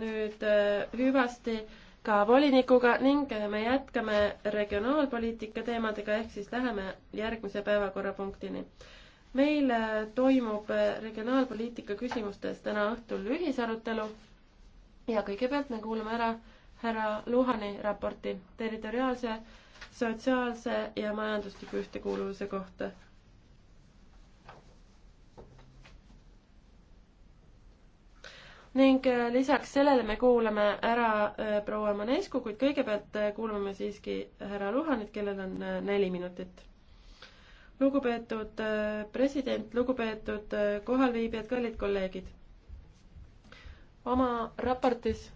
nüüd äh, hüvasti ka volinikuga ning äh, me jätkame regionaalpoliitika teemadega, ehk siis läheme järgmise päevakorrapunktini. meil äh, toimub regionaalpoliitika küsimustes täna õhtul ühisarutelu ja kõigepealt me kuulame ära härra Luhani raporti territoriaalse, sotsiaalse ja majandusliku ühtekuuluvuse kohta ning äh, lisaks sellele me kuulame ära äh, proua Manescu, kuid kõigepealt äh, kuulame siiski härra Luhanit, kellel on neli minutit. lugupeetud president, lugupeetud kohalviibijad, kallid kolleegid. oma raportis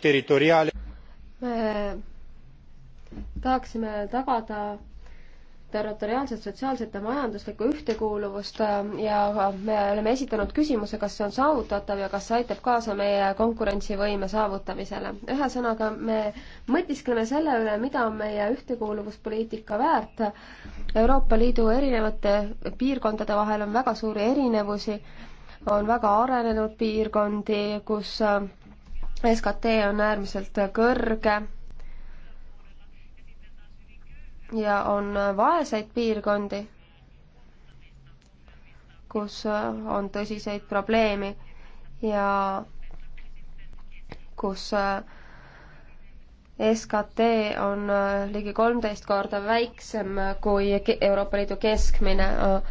territoriaal- me tahaksime tagada territoriaalset, sotsiaalset ja majanduslikku ühtekuuluvust äh, ja äh, me oleme esitanud küsimuse, kas see on saavutatav ja kas see aitab kaasa meie konkurentsivõime saavutamisele. ühesõnaga, me mõtiskleme selle üle, mida on meie ühtekuuluvuspoliitika väärt. Euroopa Liidu erinevate piirkondade vahel on väga suuri erinevusi, on väga arenenud piirkondi, kus äh, SKT on äärmiselt kõrge ja on vaeseid piirkondi, kus on tõsiseid probleemi ja kus äh, SKT on äh, ligi kolmteist korda väiksem kui Euroopa Liidu keskmine äh,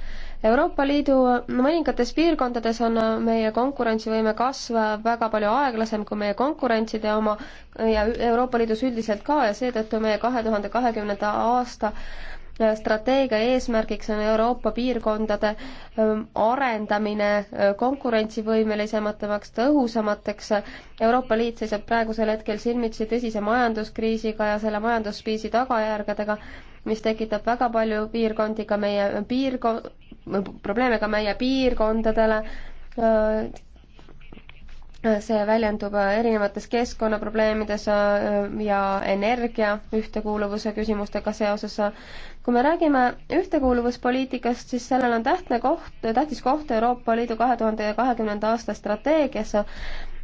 Euroopa Liidu mõningates piirkondades on meie konkurentsivõime kasv väga palju aeglasem kui meie konkurentside oma ja Euroopa Liidus üldiselt ka ja seetõttu meie kahe tuhande kahekümnenda aasta äh, strateegia eesmärgiks on Euroopa piirkondade ähm, arendamine äh, konkurentsivõimelisemateks, tõhusamateks. Euroopa Liit seisab praegusel hetkel silmitsi tõsise majanduskriisiga ja selle majanduskriisi tagajärgedega, mis tekitab väga palju piirkondi ka meie piirko-, probleeme ka meie piirkondadele. Äh, see väljendub erinevates keskkonnaprobleemides äh, ja energia ühtekuuluvuse küsimustega seoses. kui me räägime ühtekuuluvuspoliitikast, siis sellel on tähtne koht, tähtis koht Euroopa Liidu kahe tuhande kahekümnenda aasta strateegias.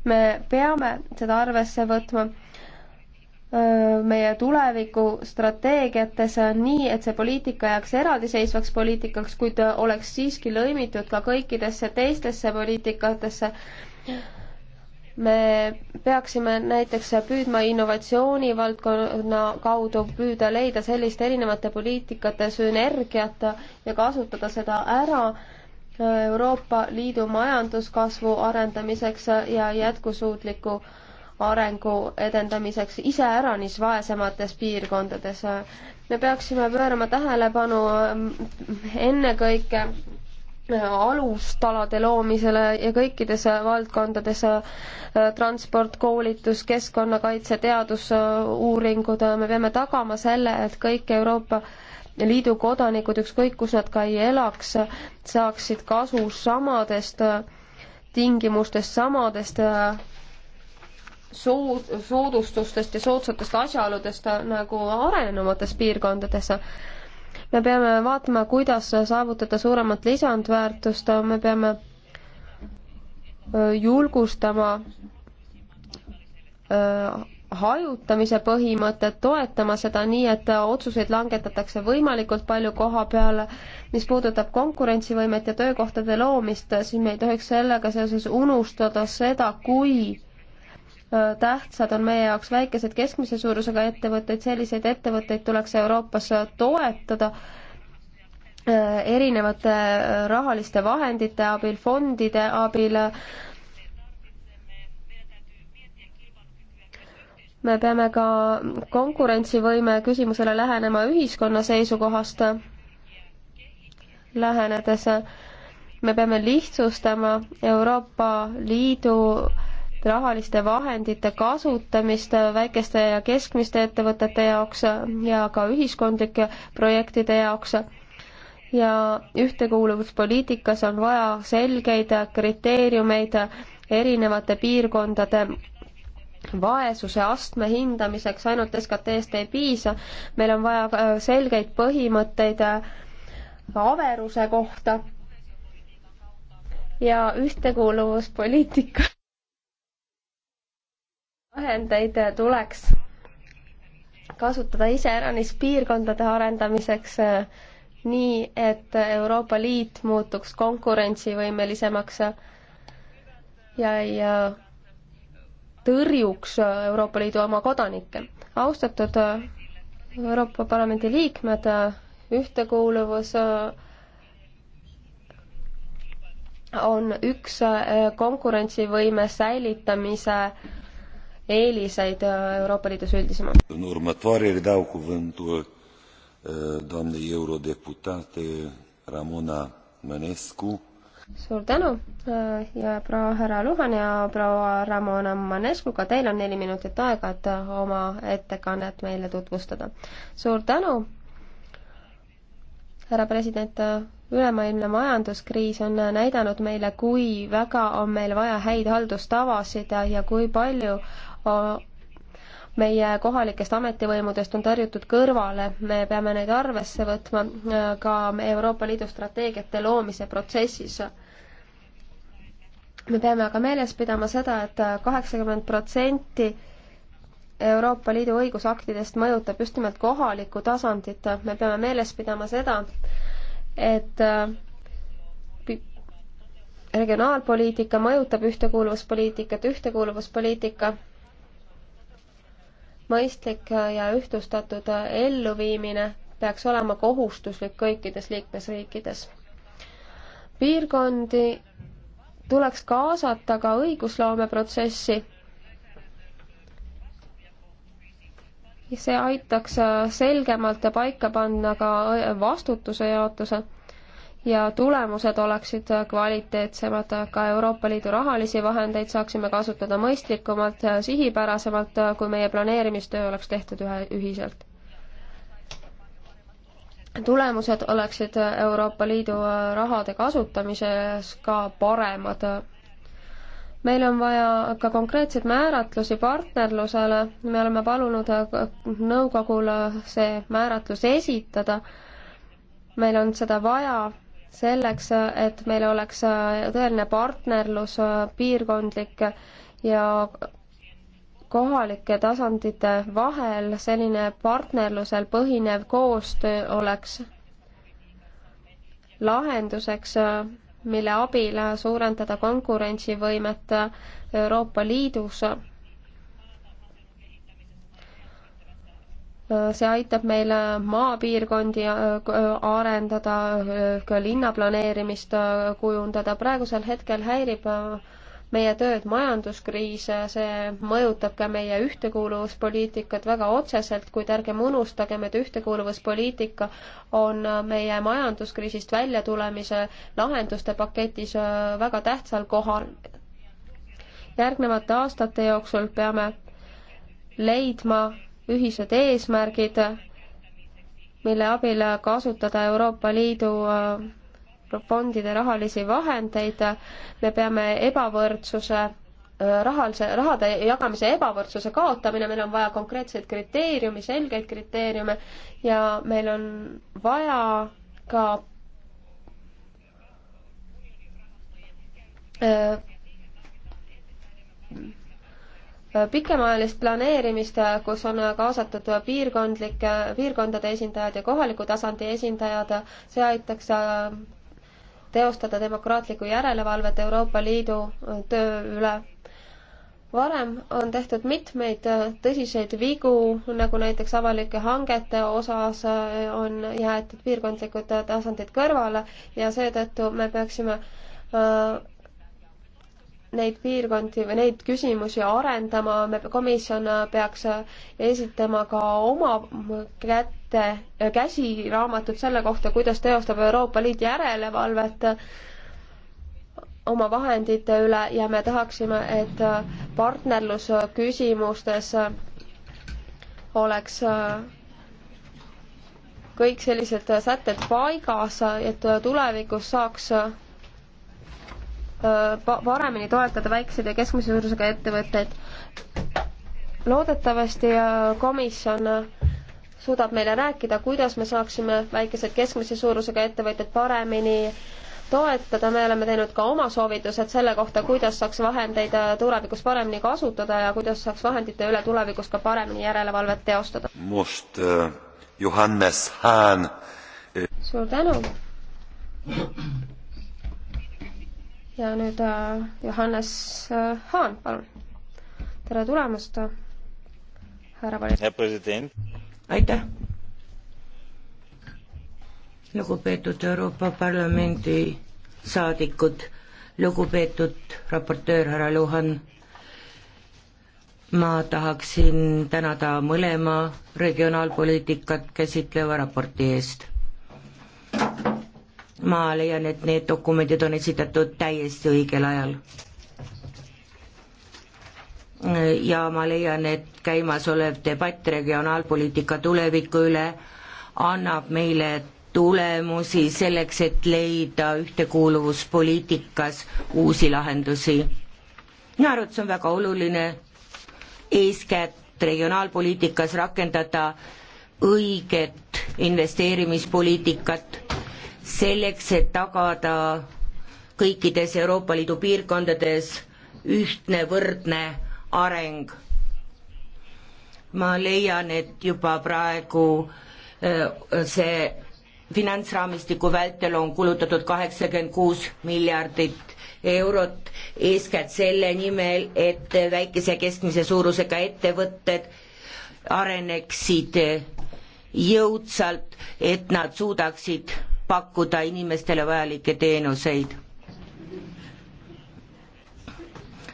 me peame seda arvesse võtma meie tulevikustrateegiates nii, et see poliitika jääks eraldiseisvaks poliitikaks, kuid oleks siiski lõimitud ka kõikidesse teistesse poliitikatesse. me peaksime näiteks püüdma innovatsiooni valdkonna kaudu püüda leida sellist erinevate poliitikate sünergiat ja kasutada seda ära Euroopa Liidu majanduskasvu arendamiseks ja jätkusuutliku äh, arengu edendamiseks iseäranis vaesemates piirkondades. me peaksime pöörama tähelepanu ähm, ennekõike äh, alustalade loomisele ja kõikides valdkondades äh, transport, koolitus, keskkonnakaitse, teadusuuringud, äh, me peame tagama selle, et kõik Euroopa Liidu kodanikud, ükskõik kus nad ka ei elaks, saaksid kasu samadest tingimustest, samadest soo-, soodustustest ja soodsatest asjaoludest nagu arenenumates piirkondades. me peame vaatama, kuidas saavutada suuremat lisandväärtust, me peame julgustama hajutamise põhimõtet, toetama seda nii, et otsuseid langetatakse võimalikult palju koha peale. mis puudutab konkurentsivõimet ja töökohtade loomist, siis me ei tohiks sellega seoses unustada seda, kui Äh, tähtsad on meie jaoks väikesed keskmise suurusega ettevõtteid, selliseid ettevõtteid tuleks Euroopas äh, toetada äh, erinevate rahaliste vahendite abil, fondide abil. me peame ka konkurentsivõime küsimusele lähenema ühiskonna seisukohast lähenedes. me peame lihtsustama Euroopa Liidu rahaliste vahendite kasutamist väikeste ja keskmiste ettevõtete jaoks ja ka ühiskondlike projektide jaoks. ja ühtekuuluvuspoliitikas on vaja selgeid kriteeriumeid erinevate piirkondade vaesuse astme hindamiseks, ainult SKT-st ei piisa, meil on vaja selgeid põhimõtteid averuse kohta ja ühtekuuluvuspoliitika vahendeid tuleks kasutada iseäranis piirkondade arendamiseks eh, nii, et Euroopa Liit muutuks konkurentsivõimelisemaks ja ei eh, tõrjuks Euroopa Liidu oma kodanikke. austatud eh, Euroopa Parlamendi liikmed, ühtekuuluvus on üks konkurentsivõime säilitamise eeliseid äh, Euroopa Liidus üldisemalt. următoarele dau cuvântul äh, doamnei eurodeputate Ramona Mănescu. suur tänu äh, ja proua härra Luhan ja proua Ramona Manescu, ka teil on neli minutit aega, et oma ettekannet meile tutvustada. suur tänu, härra president, ülemaailmne majanduskriis on näidanud meile, kui väga on meil vaja häid haldustavasid ja, ja kui palju äh, meie kohalikest ametivõimudest on tõrjutud kõrvale, me peame neid arvesse võtma äh, ka Euroopa Liidu strateegiate loomise protsessis. me peame aga meeles pidama seda et, et äh, kaheksakümmend protsenti Euroopa Liidu õigusaktidest mõjutab just nimelt kohalikku tasandit, me peame meeles pidama seda, et äh, regionaalpoliitika mõjutab ühtekuuluvuspoliitikat, ühtekuuluvuspoliitika mõistlik ja ühtlustatud elluviimine peaks olema kohustuslik kõikides liikmesriikides. piirkondi tuleks kaasata ka õigusloomeprotsessi. see aitaks selgemalt paika panna ka vastutuse jaotuse ja tulemused oleksid kvaliteetsemad. ka Euroopa Liidu rahalisi vahendeid saaksime kasutada mõistlikumalt, sihipärasemalt, kui meie planeerimistöö oleks tehtud ühe, ühiselt. tulemused oleksid Euroopa Liidu rahade kasutamises ka paremad. meil on vaja ka konkreetseid määratlusi partnerlusele, me oleme palunud nõukogule see määratlus esitada, meil on seda vaja selleks, et meil oleks tõeline partnerlus piirkondlike ja kohalike tasandite vahel, selline partnerlusel põhinev koostöö oleks lahenduseks, mille abil suurendada konkurentsivõimet Euroopa Liidus see aitab meil maapiirkondi äh, arendada, ka linnaplaneerimist äh, kujundada. praegusel hetkel häirib äh, meie tööd majanduskriis, see mõjutab ka meie ühtekuuluvuspoliitikat väga otseselt, kuid ärgem unustagem, et ühtekuuluvuspoliitika on meie majanduskriisist väljatulemise lahenduste paketis väga tähtsal kohal. järgnevate aastate jooksul peame leidma ühised eesmärgid, mille abil kasutada Euroopa Liidu äh, fondide rahalisi vahendeid, me peame ebavõrdsuse, äh, rahalise, rahade jagamise ebavõrdsuse kaotamine, meil on vaja konkreetseid kriteeriumi, selgeid kriteeriume ja meil on vaja ka öö, äh, pikemaajalist planeerimist, kus on kaasatud piirkondlike, piirkondade esindajad ja kohaliku tasandi esindajad, see aitaks äh, teostada demokraatlikku järelevalvet Euroopa Liidu äh, töö üle. varem on tehtud mitmeid äh, tõsiseid vigu, nagu näiteks avalike hangete osas on jäetud piirkondlikud tasandid kõrvale ja seetõttu me peaksime neid piirkondi või neid küsimusi arendama, me, komisjon peaks esitama ka oma kätte, käsiraamatut selle kohta, kuidas teostab Euroopa Liit järelevalvet oma vahendite üle ja me tahaksime, et partnerlusküsimustes oleks kõik sellised sätted paigas, et tulevikus saaks paremini toetada väikseid ja keskmise suurusega ettevõtteid. loodetavasti äh, komisjon äh, suudab meile rääkida, kuidas me saaksime väikesed keskmise suurusega ettevõtjad paremini toetada, me oleme teinud ka oma soovitused selle kohta, kuidas saaks vahendeid äh, tulevikus paremini kasutada ja kuidas saaks vahendite üle tulevikus ka paremini järelevalvet teostada. must Johannes Hahn. suur tänu ja nüüd äh, Johannes äh, Haan, palun. tere tulemast, äh, härra vali-. aitäh. lugupeetud Euroopa Parlamendi saadikud, lugupeetud raportöör härra Luhan, ma tahaksin tänada mõlema regionaalpoliitikat käsitleva raporti eest ma leian, et need dokumendid on esitatud täiesti õigel ajal. ja ma leian, et käimasolev debatt regionaalpoliitika tuleviku üle annab meile tulemusi selleks, et leida ühtekuuluvuspoliitikas uusi lahendusi. minu arvates on väga oluline eeskätt regionaalpoliitikas rakendada õiget investeerimispoliitikat selleks, et tagada kõikides Euroopa Liidu piirkondades ühtne võrdne areng. ma leian, et juba praegu äh, see finantsraamistiku vältel on kulutatud kaheksakümmend kuus miljardit eurot, eeskätt selle nimel, et väikese ja keskmise suurusega ettevõtted areneksid jõudsalt, et nad suudaksid pakkuda inimestele vajalikke teenuseid.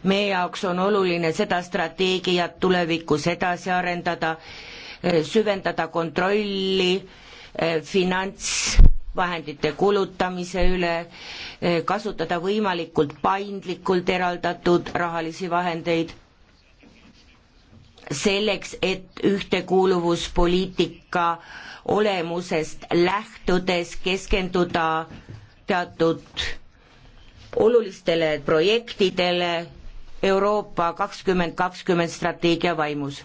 meie jaoks on oluline seda strateegiat tulevikus edasi arendada, eh, süvendada kontrolli eh, finantsvahendite kulutamise üle, eh, kasutada võimalikult paindlikult eraldatud rahalisi vahendeid selleks, et ühtekuuluvuspoliitika olemusest lähtudes keskenduda teatud olulistele projektidele Euroopa kakskümmend kakskümmend strateegia vaimus.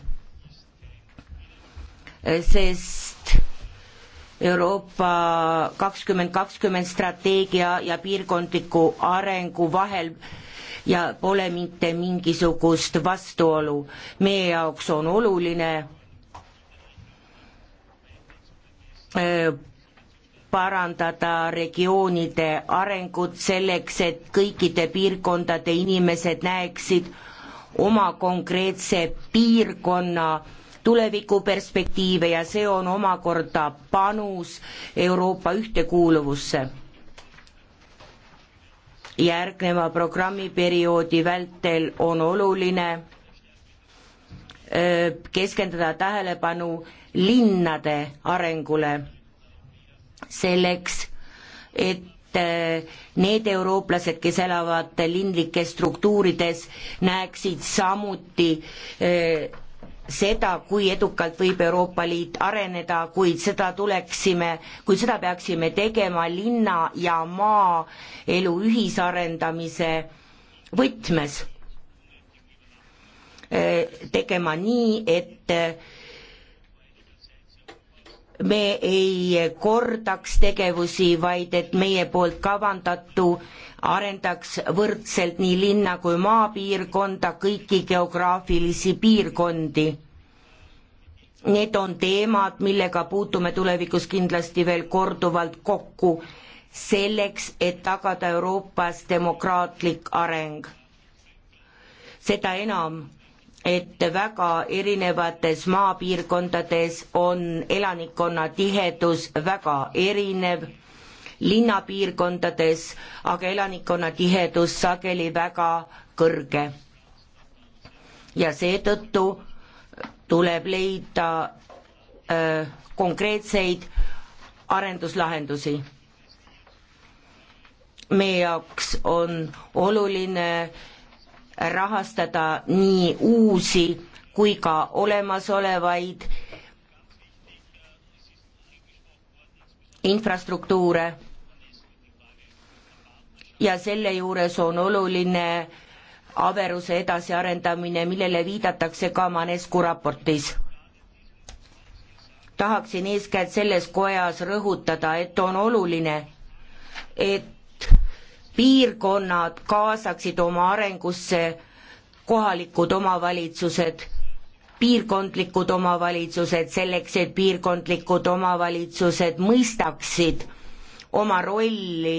sest Euroopa kakskümmend kakskümmend strateegia ja piirkondliku arengu vahel ja pole mitte mingisugust vastuolu. meie jaoks on oluline Äh, parandada regioonide arengut selleks, et kõikide piirkondade inimesed näeksid oma konkreetse piirkonna tulevikuperspektiive ja see on omakorda panus Euroopa ühtekuuluvusse. järgneva programmiperioodi vältel on oluline äh, keskenduda tähelepanu linnade arengule, selleks et äh, need eurooplased, kes elavad linlikes struktuurides, näeksid samuti äh, seda, kui edukalt võib Euroopa Liit areneda, kuid seda tuleksime, kuid seda peaksime tegema linna ja maaelu ühisarendamise võtmes. Äh, tegema nii, et me ei kordaks tegevusi, vaid et meie poolt kavandatu arendaks võrdselt nii linna kui maapiirkonda, kõiki geograafilisi piirkondi. Need on teemad, millega puutume tulevikus kindlasti veel korduvalt kokku, selleks, et tagada Euroopas demokraatlik areng. seda enam et väga erinevates maapiirkondades on elanikkonna tihedus väga erinev, linnapiirkondades aga elanikkonna tihedus sageli väga kõrge. ja seetõttu tuleb leida öö, äh, konkreetseid arenduslahendusi. meie jaoks on oluline öö, rahastada nii uusi kui ka olemasolevaid infrastruktuure ja selle juures on oluline averuse edasiarendamine, millele viidatakse ka Manescu raportis. tahaksin eeskätt selles kojas rõhutada, et on oluline, et piirkonnad kaasaksid oma arengusse kohalikud omavalitsused, piirkondlikud omavalitsused, selleks et piirkondlikud omavalitsused mõistaksid oma rolli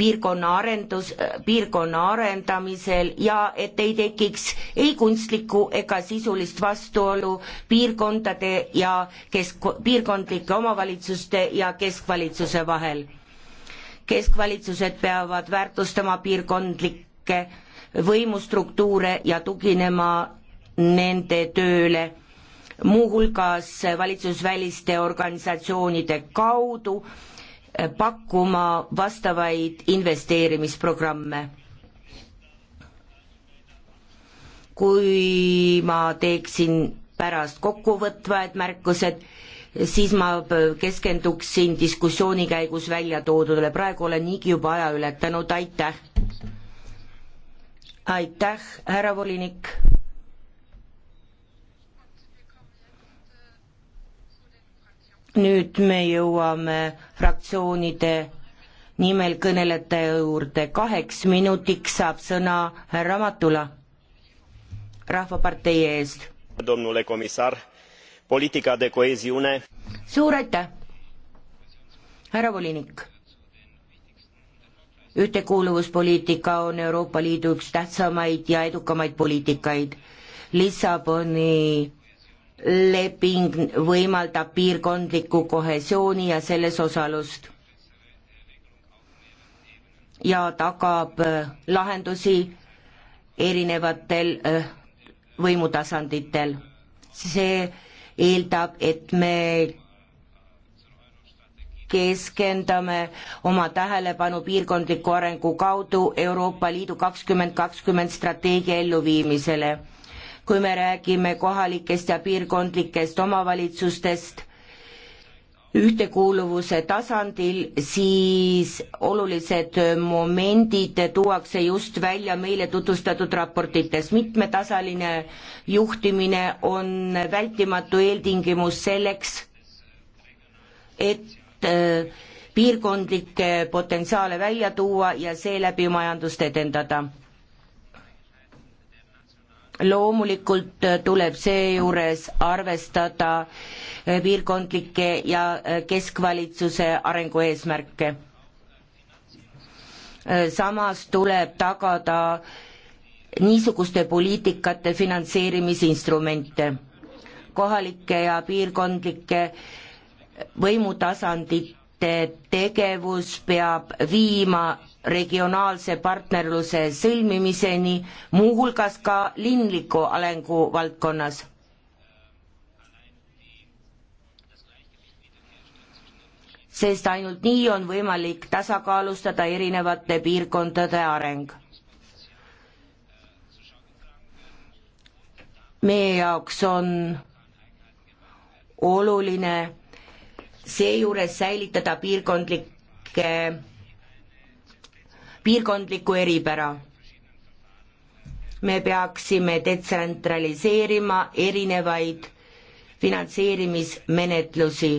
piirkonna arendus, piirkonna arendamisel ja et ei tekiks ei kunstlikku ega sisulist vastuolu piirkondade ja kesk, piirkondlike omavalitsuste ja keskvalitsuse vahel keskvalitsused peavad väärtustama piirkondlikke võimustruktuure ja tuginema nende tööle, muuhulgas valitsusväliste organisatsioonide kaudu eh, pakkuma vastavaid investeerimisprogramme kui ma teeksin pärast kokkuvõtvad märkused, siis ma keskenduksin diskussiooni käigus välja toodudele, praegu olen niigi juba aja ületanud, aitäh. aitäh, härra volinik. nüüd me jõuame fraktsioonide nimel kõnelejate juurde, kaheks minutiks saab sõna härra Matula Rahvapartei eest. domnule komissar poliitika de coeziune. suur aitäh, härra volinik. ühtekuuluvuspoliitika on Euroopa Liidu üks tähtsamaid ja edukamaid poliitikaid. Lissaboni leping võimaldab piirkondliku kohesiooni ja selles osalust ja tagab äh, lahendusi erinevatel äh, võimutasanditel. see eeldab, et me keskendame oma tähelepanu piirkondliku arengu kaudu Euroopa Liidu kakskümmend kakskümmend strateegia elluviimisele. kui me räägime kohalikest ja piirkondlikest omavalitsustest ühtekuuluvuse tasandil, siis olulised momendid tuuakse just välja meile tutvustatud raportites. mitmetasaline juhtimine on vältimatu eeltingimus selleks, et äh, piirkondlikke potentsiaale välja tuua ja seeläbi majandust edendada loomulikult äh, tuleb seejuures arvestada äh, piirkondlikke ja äh, keskvalitsuse arengueesmärke. samas tuleb tagada niisuguste poliitikate finantseerimisinstrumente, kohalike ja piirkondlike võimutasandite tegevus peab viima regionaalse partnerluse sõlmimiseni, muuhulgas ka linliku arengu valdkonnas. sest ainult nii on võimalik tasakaalustada erinevate piirkondade areng. meie jaoks on oluline seejuures säilitada piirkondlikke piirkondlikku eripära. me peaksime detsentraliseerima erinevaid finantseerimismenetlusi.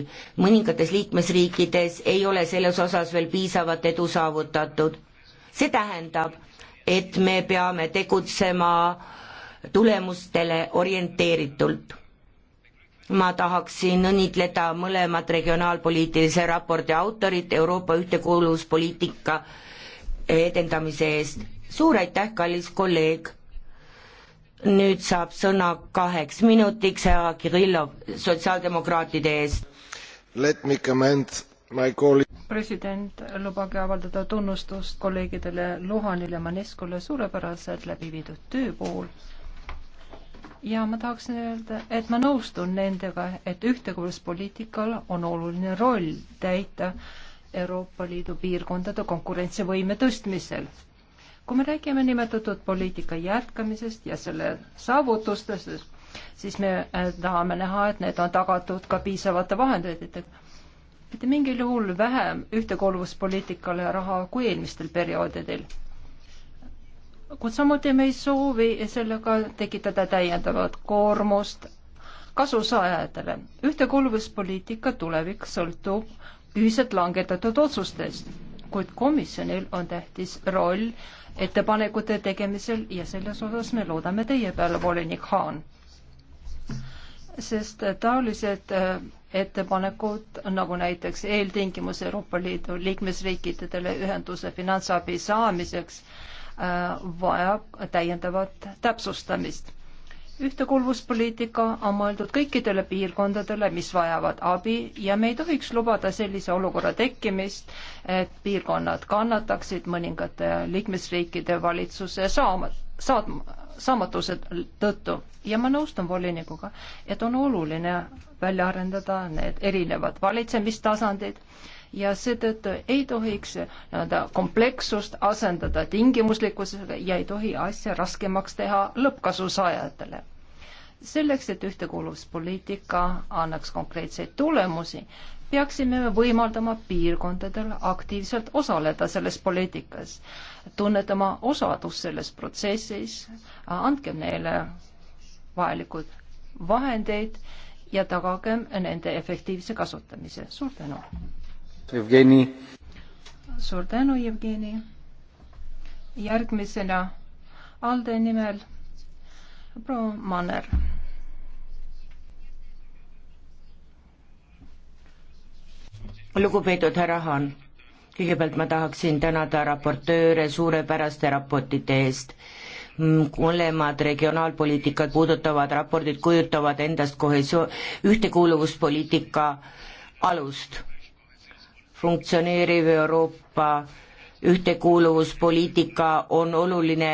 mõningates liikmesriikides ei ole selles osas veel piisavat edu saavutatud. see tähendab, et me peame tegutsema tulemustele orienteeritult. ma tahaksin õnnitleda mõlemat regionaalpoliitilise raporti autorit Euroopa ühtekuuluvuspoliitika edendamise eest. suur aitäh, kallis kolleeg. nüüd saab sõna kaheks minutiks härra Kirillov sotsiaaldemokraatide eest. Let me commend my colleague. president, lubage avaldada tunnustust kolleegidele Luhanile ja Maneskule suurepäraselt läbi viidud töö puhul ja ma tahaksin öelda, et ma nõustun nendega, et ühtekuuluvuspoliitikal on oluline roll täita äh, Euroopa Liidu piirkondade konkurentsivõime tõstmisel. kui me räägime nimetatud poliitika jätkamisest ja selle saavutustest, siis me äh, tahame näha, et need on tagatud ka piisavate vahenditega. mitte mingil juhul vähem ühtekuuluvuspoliitikale raha kui eelmistel perioodidel. kuid samuti me ei soovi sellega tekitada täiendavat koormust kasusaajatele. ühtekuuluvuspoliitika tulevik sõltub ühiselt langetatud otsustest, kuid komisjonil on tähtis roll ettepanekute tegemisel ja selles osas me loodame teie peale, volinik Haan. sest taolised äh, ettepanekud, nagu näiteks eeltingimus Euroopa Liidu liikmesriikidele ühenduse finantsabi saamiseks, äh, vajab täiendavat täpsustamist ühtekuuluvuspoliitika on mõeldud kõikidele piirkondadele, mis vajavad abi ja me ei tohiks lubada sellise olukorra tekkimist, et piirkonnad kannataksid mõningate liikmesriikide valitsuse saama, saadma, saamatuse tõttu. ja ma nõustun volinikuga, et on oluline välja arendada need erinevad valitsemistasandid ja seetõttu ei tohiks nii-öelda komplekssust asendada tingimuslikkusega ja ei tohi asja raskemaks teha lõppkasusaajatele. selleks, et ühtekuuluvuspoliitika annaks konkreetseid tulemusi, peaksime me võimaldama piirkondadel aktiivselt osaleda selles poliitikas, tunnetama osadust selles protsessis, andkem neile vajalikud vahendeid ja tagagem nende efektiivse kasutamise. suur tänu! Jevgeni. suur tänu, Jevgeni. järgmisena ALDE nimel proua Manner. lugupeetud härra Haan, kõigepealt ma tahaksin tänada raportööre suurepäraste raportite eest mõlemad regionaalpoliitikat puudutavad raportid kujutavad endast kohesio-, ühtekuuluvuspoliitika alust funktsioneeriv Euroopa ühtekuuluvuspoliitika on oluline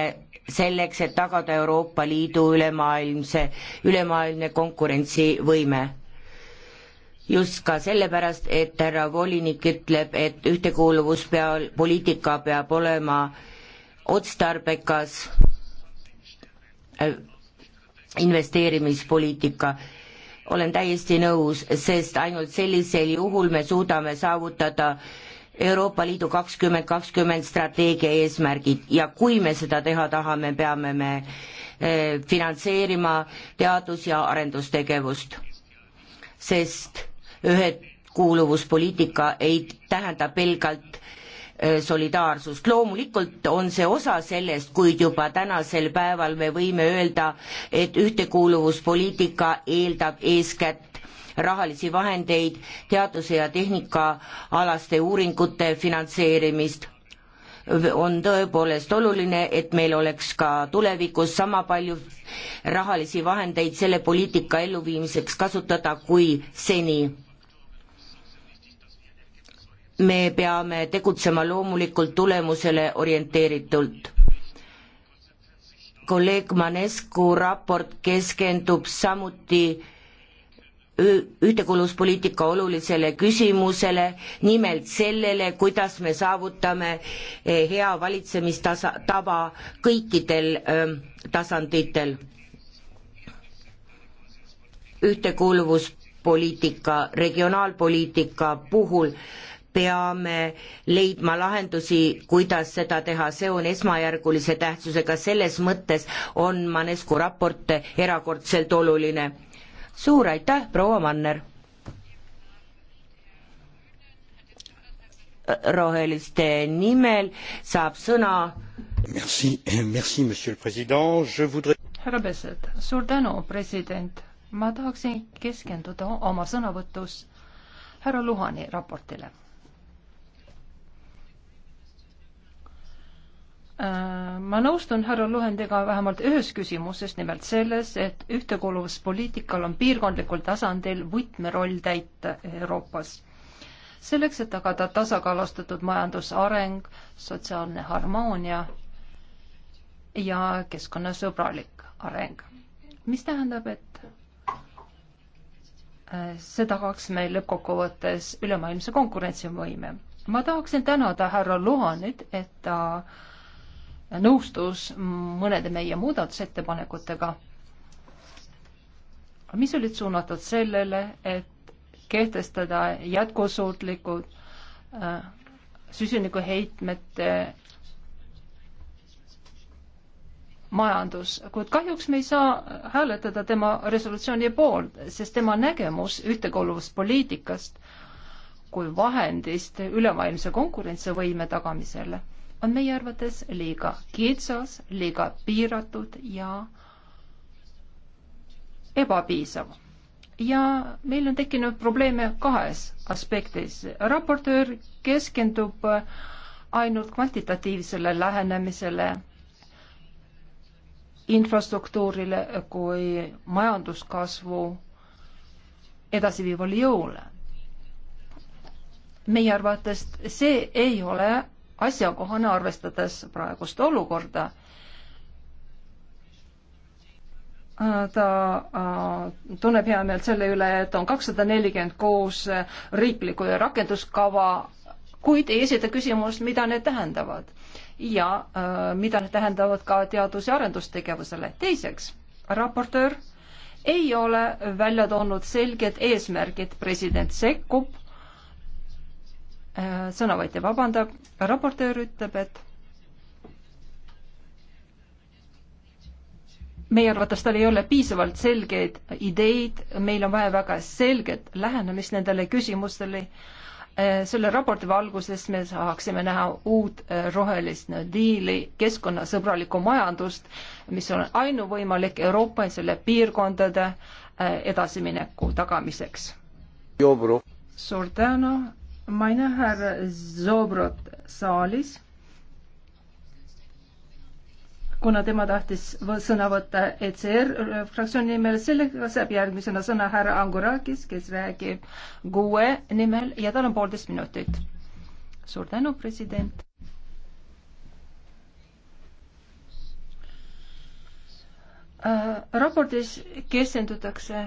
selleks, et tagada Euroopa Liidu ülemaailmse, ülemaailmne konkurentsivõime. just ka sellepärast, et härra volinik ütleb, et ühtekuuluvus peal, poliitika peab olema otstarbekas äh, investeerimispoliitika olen täiesti nõus, sest ainult sellisel juhul me suudame saavutada Euroopa Liidu kakskümmend kakskümmend strateegia eesmärgid ja kui me seda teha tahame, peame me eh, finantseerima teadus- ja arendustegevust. sest ühekuuluvuspoliitika ei tähenda pelgalt Äh, solidaarsust. loomulikult on see osa sellest, kuid juba tänasel päeval me võime öelda, et ühtekuuluvuspoliitika eeldab eeskätt rahalisi vahendeid teaduse ja tehnikaalaste uuringute finantseerimist on tõepoolest oluline, et meil oleks ka tulevikus sama palju rahalisi vahendeid selle poliitika elluviimiseks kasutada kui seni me peame tegutsema loomulikult tulemusele orienteeritult. kolleeg Manescu raport keskendub samuti ühtekuuluvuspoliitika olulisele küsimusele, nimelt sellele, kuidas me saavutame eh, hea valitsemistasa, tava kõikidel öö, tasanditel. ühtekuuluvuspoliitika, regionaalpoliitika puhul peame leidma lahendusi, kuidas seda teha, see on esmajärgulise tähtsusega, selles mõttes on Manescu raport erakordselt oluline. suur aitäh, proua Manner! roheliste nimel saab sõna merci, eh, merci, monsieur le president, je voudrais härra Besset, suur tänu, president. ma tahaksin keskenduda oma sõnavõtus härra Luhani raportile Äh, ma nõustun härra Lohendiga vähemalt ühes küsimuses, nimelt selles, et ühtekuuluvuspoliitikal on piirkondlikul tasandil võtmeroll täita Euroopas. selleks, et tagada tasakaalustatud majandusareng, sotsiaalne harmoonia ja keskkonnasõbralik areng, mis tähendab, et äh, see tagaks meil lõppkokkuvõttes ülemaailmse konkurentsivõime. ma tahaksin tänada härra Lohanit, et ta äh, nõustus mõnede meie muudatusettepanekutega, mis olid suunatud sellele, et kehtestada jätkusuutlikud äh, süsinikuheitmete majandus, kuid kahjuks me ei saa hääletada tema resolutsiooni poolt, sest tema nägemus ühtekuuluvuspoliitikast kui vahendist ülemaailmse konkurentsivõime tagamisele on meie arvates liiga kitsas, liiga piiratud ja ebapiisav. ja meil on tekkinud probleeme kahes aspektis. raportöör keskendub ainult kvantitatiivsele lähenemisele, infrastruktuurile kui majanduskasvu edasiviivale jõule meie arvates see ei ole asjakohane, arvestades praegust olukorda. ta äh, tunneb heameelt selle üle, et on kakssada nelikümmend kuus riiklikku rakenduskava, kuid ei esita küsimust, mida need tähendavad ja äh, mida need tähendavad ka teadus- ja arendustegevusele. teiseks, raportöör ei ole välja toonud selged eesmärgid, president sekkub Äh, sõnavõtja vabandab, raportöör ütleb, et meie arvates tal ei ole piisavalt selgeid ideid, meil on vaja väga selget lähenemist nendele küsimustele. Äh, selle raporti valguses me saaksime näha uut äh, rohelist diili, keskkonnasõbralikku majandust, mis on ainuvõimalik Euroopa ja selle piirkondade edasimineku tagamiseks. suur tänu, ma ei näe härra Zobrot saalis, kuna tema tahtis sõna võtta ECR fraktsiooni nimel, sellega saab järgmisena sõna härra Angurakis, kes räägib GUE nimel ja tal on poolteist minutit. suur tänu, president. Äh, raportis keskendutakse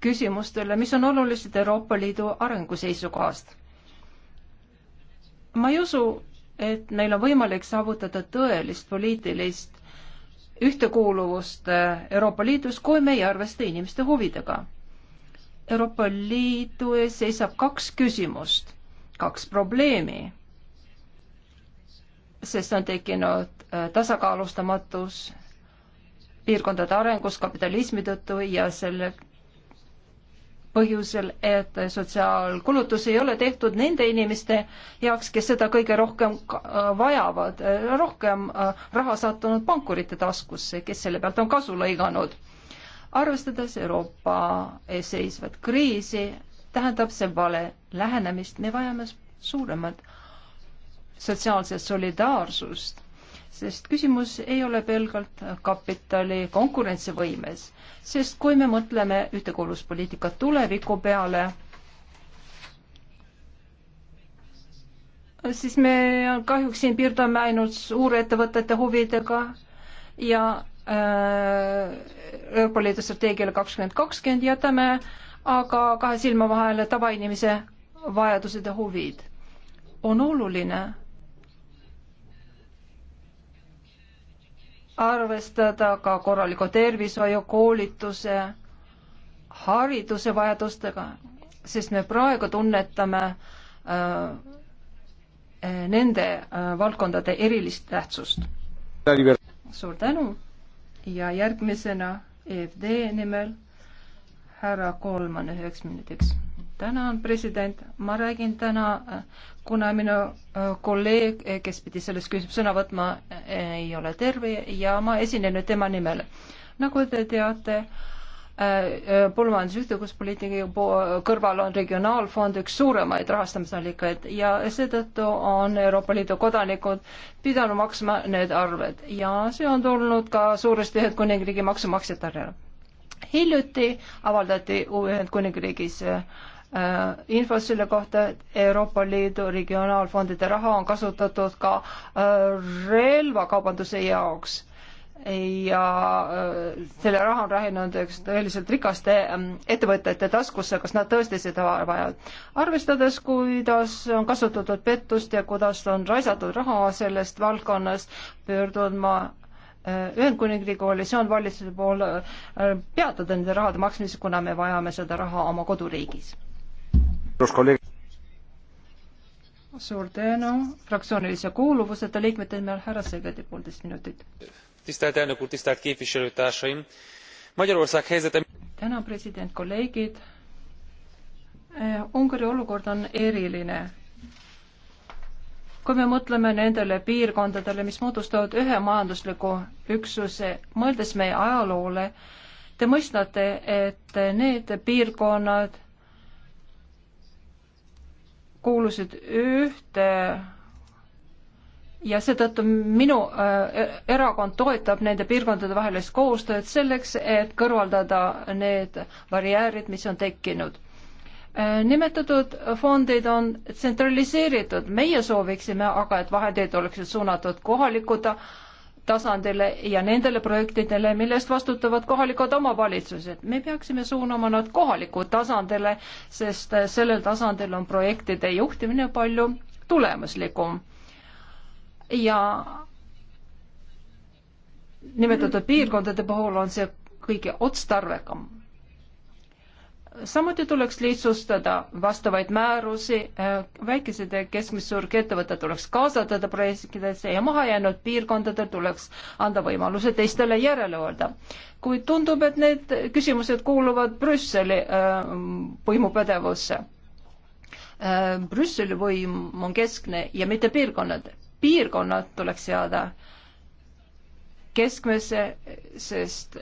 küsimustele, mis on olulised Euroopa Liidu arengu seisukohast. ma ei usu, et neil on võimalik saavutada tõelist poliitilist ühtekuuluvust Euroopa Liidus, kui me ei arvesta inimeste huvidega. Euroopa Liidu ees seisab kaks küsimust, kaks probleemi, sest on tekkinud äh, tasakaalustamatus piirkondade arengus kapitalismi tõttu ja selle põhjusel, et sotsiaalkulutusi ei ole tehtud nende inimeste jaoks, kes seda kõige rohkem äh, vajavad, äh, rohkem äh, raha sattunud pankurite taskusse, kes selle pealt on kasu lõiganud. arvestades Euroopa ees seisvat kriisi, tähendab see vale lähenemist, me vajame suuremat sotsiaalset solidaarsust sest küsimus ei ole pelgalt kapitali konkurentsivõimes, sest kui me mõtleme ühtekuuluvuspoliitika tuleviku peale, siis me kahjuks siin piirdume ainult suurettevõtete huvidega ja äh, Euroopa Liidu strateegiale kakskümmend kakskümmend jätame aga kahe silma vahele tavainimese vajadused ja huvid. on oluline arvestada ka korraliku tervishoiu, koolituse, hariduse vajadustega, sest me praegu tunnetame äh, nende äh, valdkondade erilist tähtsust. suur tänu ja järgmisena EFD nimel härra Kolman üheks minutiks tänan, president, ma räägin täna, äh, kuna minu äh, kolleeg, äh, kes pidi selles küsimuses sõna võtma, ei ole terve ja ma esinen nüüd tema nimel. nagu te teate, põllumajanduse ühtekuuluvuspoliitika kõrval on regionaalfond üks suuremaid rahastamisallikaid ja seetõttu on Euroopa Liidu kodanikud pidanud maksma need arved ja see on tulnud ka suuresti Ühendkuningriigi maksumaksjatele. hiljuti avaldati Ühendkuningriigis Äh, infos selle kohta, et Euroopa Liidu regionaalfondide raha on kasutatud ka äh, relvakaubanduse jaoks ja äh, selle raha on rahinenud tõeliselt rikaste ähm, ettevõtete taskusse, kas nad tõesti seda vajavad. arvestades, kuidas on kasutatud pettust ja kuidas on raisatud raha sellest valdkonnast, pöördun ma Ühendkuningriigi koalitsioon valitsuse poole peatada nende rahade maksmise, kuna me vajame seda raha oma koduriigis suur tänu fraktsioonilise kuuluvuseta liikmete nimel härra Szegedi poolteist minutit. tisztelt elnök úr, tisztelt képviselőtársaim! Magyarország helyzete... täna president, kolleegid. Eh, Ungari olukord on eriline kui me mõtleme nendele piirkondadele, mis moodustavad ühe majandusliku üksuse, mõeldes meie ajaloole, te mõistate, et need piirkonnad kuulusid ühte ja seetõttu minu äh, erakond toetab nende piirkondade vahelist koostööd selleks, et kõrvaldada need barjäärid, mis on tekkinud äh,. nimetatud fondid on tsentraliseeritud, meie sooviksime aga, et vahendeid oleksid suunatud kohalikud äh, tasandile ja nendele projektidele, millest vastutavad kohalikud omavalitsused. me peaksime suunama nad kohaliku tasandile, sest sellel tasandil on projektide juhtimine palju tulemuslikum. ja nimetatud piirkondade puhul on see kõige otstarbekam samuti tuleks lihtsustada vastavaid määrusi, äh, väikesed ja keskmise suurga ettevõtted tuleks kaasatada projektidesse ja mahajäänud piirkondadel tuleks anda võimaluse teistele järele öelda. kuid tundub, et need küsimused kuuluvad Brüsseli äh, võimupädevusse äh,. Äh, Brüsseli võim on keskne ja mitte piirkonnad. piirkonnad tuleks seada keskmesse, sest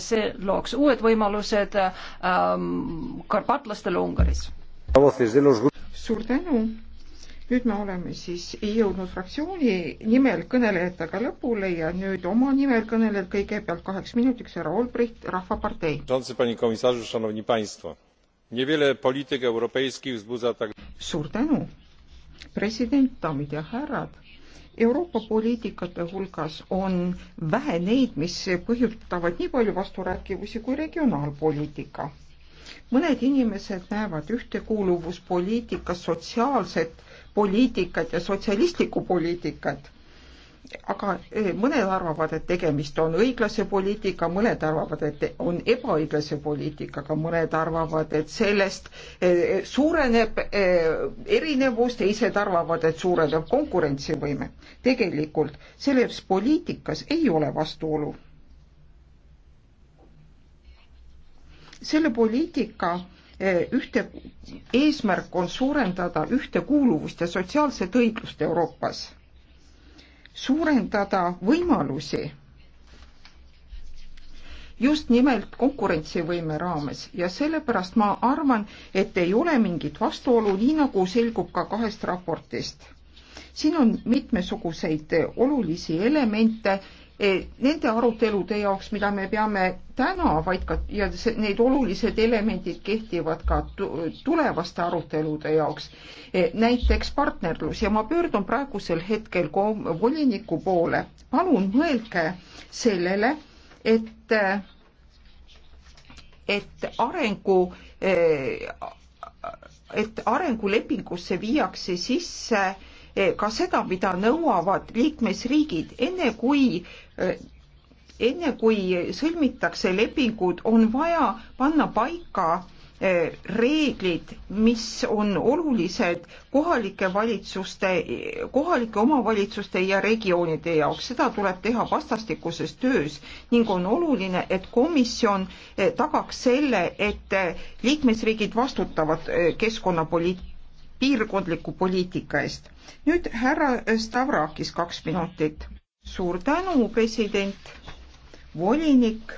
see looks uued võimalused ähm, karpatlastele Ungaris. suur tänu. nüüd me oleme siis jõudnud fraktsiooni nimel kõnelejatega lõpule ja nüüd oma nimel kõnelejad kõigepealt kaheks minutiks härra Olbricht, Rahvapartei. suur tänu, president, daamid ja härrad Euroopa poliitikate hulgas on vähe neid, mis põhjustavad nii palju vasturääkivusi kui regionaalpoliitika. mõned inimesed näevad ühtekuuluvuspoliitikas sotsiaalset poliitikat ja sotsialistlikku poliitikat aga eh, mõned arvavad, et tegemist on õiglase poliitika, mõned arvavad, et on ebaõiglase poliitikaga, mõned arvavad, et sellest eh, eh, suureneb erinevus, teised arvavad, et suureneb konkurentsivõime. tegelikult selles poliitikas ei ole vastuolu. selle poliitika ühte, eesmärk on suurendada ühtekuuluvust ja sotsiaalset õiglust Euroopas suurendada võimalusi just nimelt konkurentsivõime raames ja sellepärast ma arvan, et ei ole mingit vastuolu, nii nagu selgub ka kahest raportist. siin on mitmesuguseid olulisi elemente E, nende arutelude jaoks, mida me peame täna, vaid ka ja see, need olulised elemendid kehtivad ka tulevaste arutelude jaoks. E, näiteks partnerlus ja ma pöördun praegusel hetkel voliniku poole. palun mõelge sellele, et, et arengu e, et arengulepingusse viiakse sisse äh, Eh, ka seda, mida nõuavad liikmesriigid, enne kui eh, enne kui sõlmitakse lepingud, on vaja panna paika eh, reeglid, mis on olulised kohalike valitsuste, kohalike omavalitsuste ja regioonide jaoks, seda tuleb teha vastastikuses töös ning on oluline, et komisjon tagaks selle, et liikmesriigid vastutavad keskkonnapoliit-, piirkondliku poliitika eest. nüüd härra Stavrakis kaks minutit. suur tänu, president, volinik,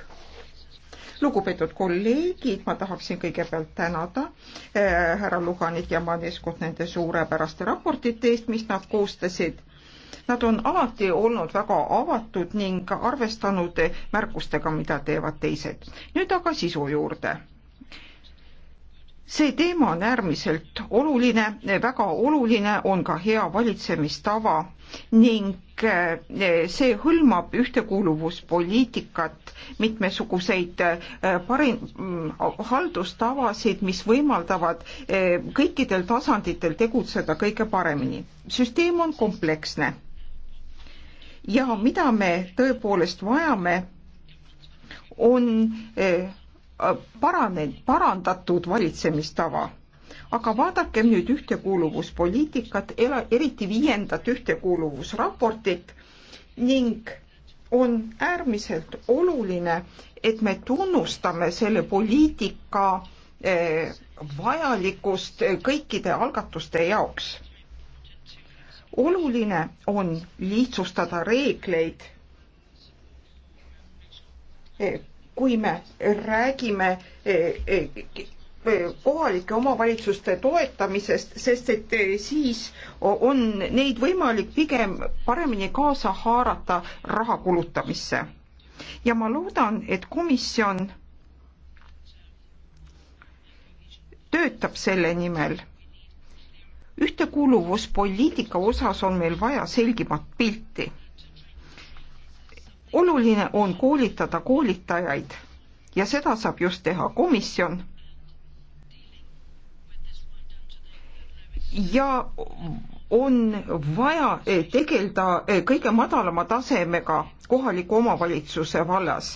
lugupeetud kolleegid, ma tahaksin kõigepealt tänada äh, härra Luganit ja Maneskot nende suurepäraste raportite eest, mis nad koostasid Nad on alati olnud väga avatud ning arvestanud märkustega, mida teevad teised. nüüd aga sisu juurde see teema on äärmiselt oluline, väga oluline on ka hea valitsemistava ning eh, see hõlmab ühtekuuluvuspoliitikat, mitmesuguseid eh, parim-, mm, haldustavasid, mis võimaldavad eh, kõikidel tasanditel tegutseda kõige paremini. süsteem on kompleksne. ja mida me tõepoolest vajame, on paranenud, parandatud valitsemistava. aga vaadakem nüüd ühtekuuluvuspoliitikat, eriti viiendat ühtekuuluvusraportit ning on äärmiselt oluline, et me tunnustame selle poliitika eh, vajalikkust kõikide algatuste jaoks. oluline on lihtsustada reegleid eh, kui me räägime eh, eh, eh, kohalike omavalitsuste toetamisest, sest et siis on neid võimalik pigem paremini kaasa haarata raha kulutamisse. ja ma loodan, et komisjon töötab selle nimel. ühtekuuluvuspoliitika osas on meil vaja selgemat pilti oluline on koolitada koolitajaid ja seda saab just teha komisjon. ja on vaja eh, tegeleda eh, kõige madalama tasemega kohaliku omavalitsuse vallas.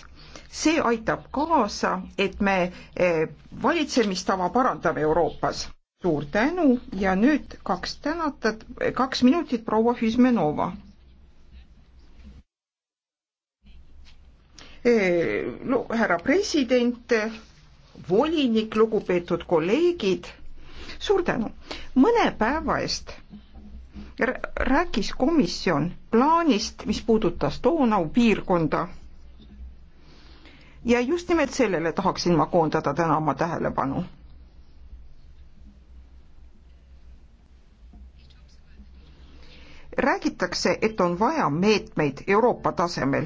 see aitab kaasa, et me eh, valitsemistava parandame Euroopas. suur tänu ja nüüd kaks tänatat, kaks minutit proua Hüsmenova Eh, no, härra president, volinik, lugupeetud kolleegid, suur tänu. mõne päeva eest rääkis komisjon plaanist, mis puudutas Donau piirkonda. ja just nimelt sellele tahaksin ma koondada täna oma tähelepanu. räägitakse, et on vaja meetmeid Euroopa tasemel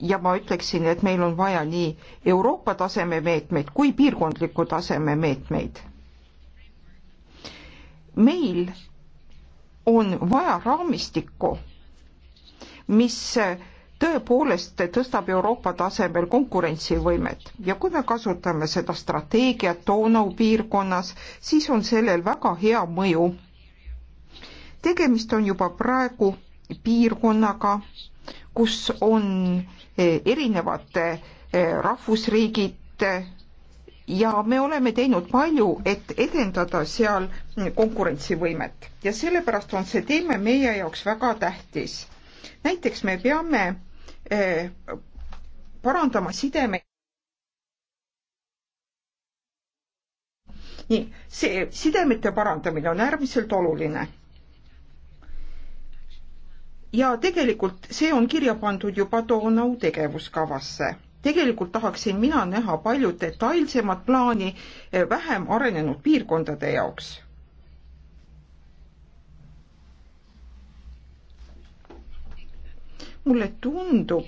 ja ma ütleksin, et meil on vaja nii Euroopa taseme meetmeid kui piirkondliku taseme meetmeid. meil on vaja raamistikku, mis tõepoolest tõstab Euroopa tasemel konkurentsivõimet ja kui me kasutame seda strateegiat Donau piirkonnas, siis on sellel väga hea mõju. tegemist on juba praegu piirkonnaga, kus on erinevad eh, rahvusriigid ja me oleme teinud palju, et edendada seal mm, konkurentsivõimet ja sellepärast on see teema meie jaoks väga tähtis. näiteks me peame eh, parandama sidemeid. nii, see sidemete parandamine on äärmiselt oluline ja tegelikult see on kirja pandud juba toona tegevuskavasse. tegelikult tahaksin mina näha palju detailsemat plaani eh, vähem arenenud piirkondade jaoks. mulle tundub,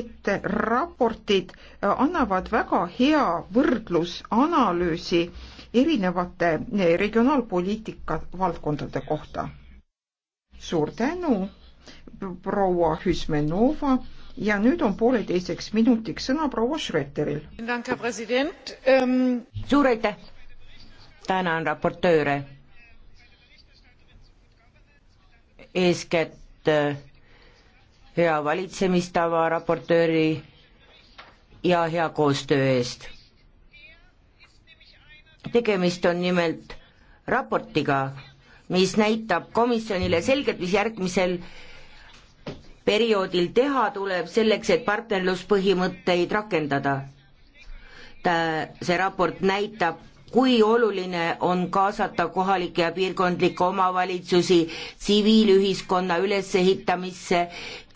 et raportid eh, annavad väga hea võrdlusanalüüsi erinevate eh, regionaalpoliitika valdkondade kohta suur tänu, proua Hüsmenova ja nüüd on pooleteiseks minutiks sõna proua Schröteril. Ähm, suur aitäh, tänan raportööre, eeskätt äh, hea valitsemistava raportööri ja hea koostöö eest. tegemist on nimelt raportiga, mis näitab komisjonile selgelt, mis järgmisel perioodil teha tuleb selleks, et partnerluspõhimõtteid rakendada. ta, see raport näitab, kui oluline on kaasata kohalikke ja piirkondlikke omavalitsusi tsiviilühiskonna ülesehitamisse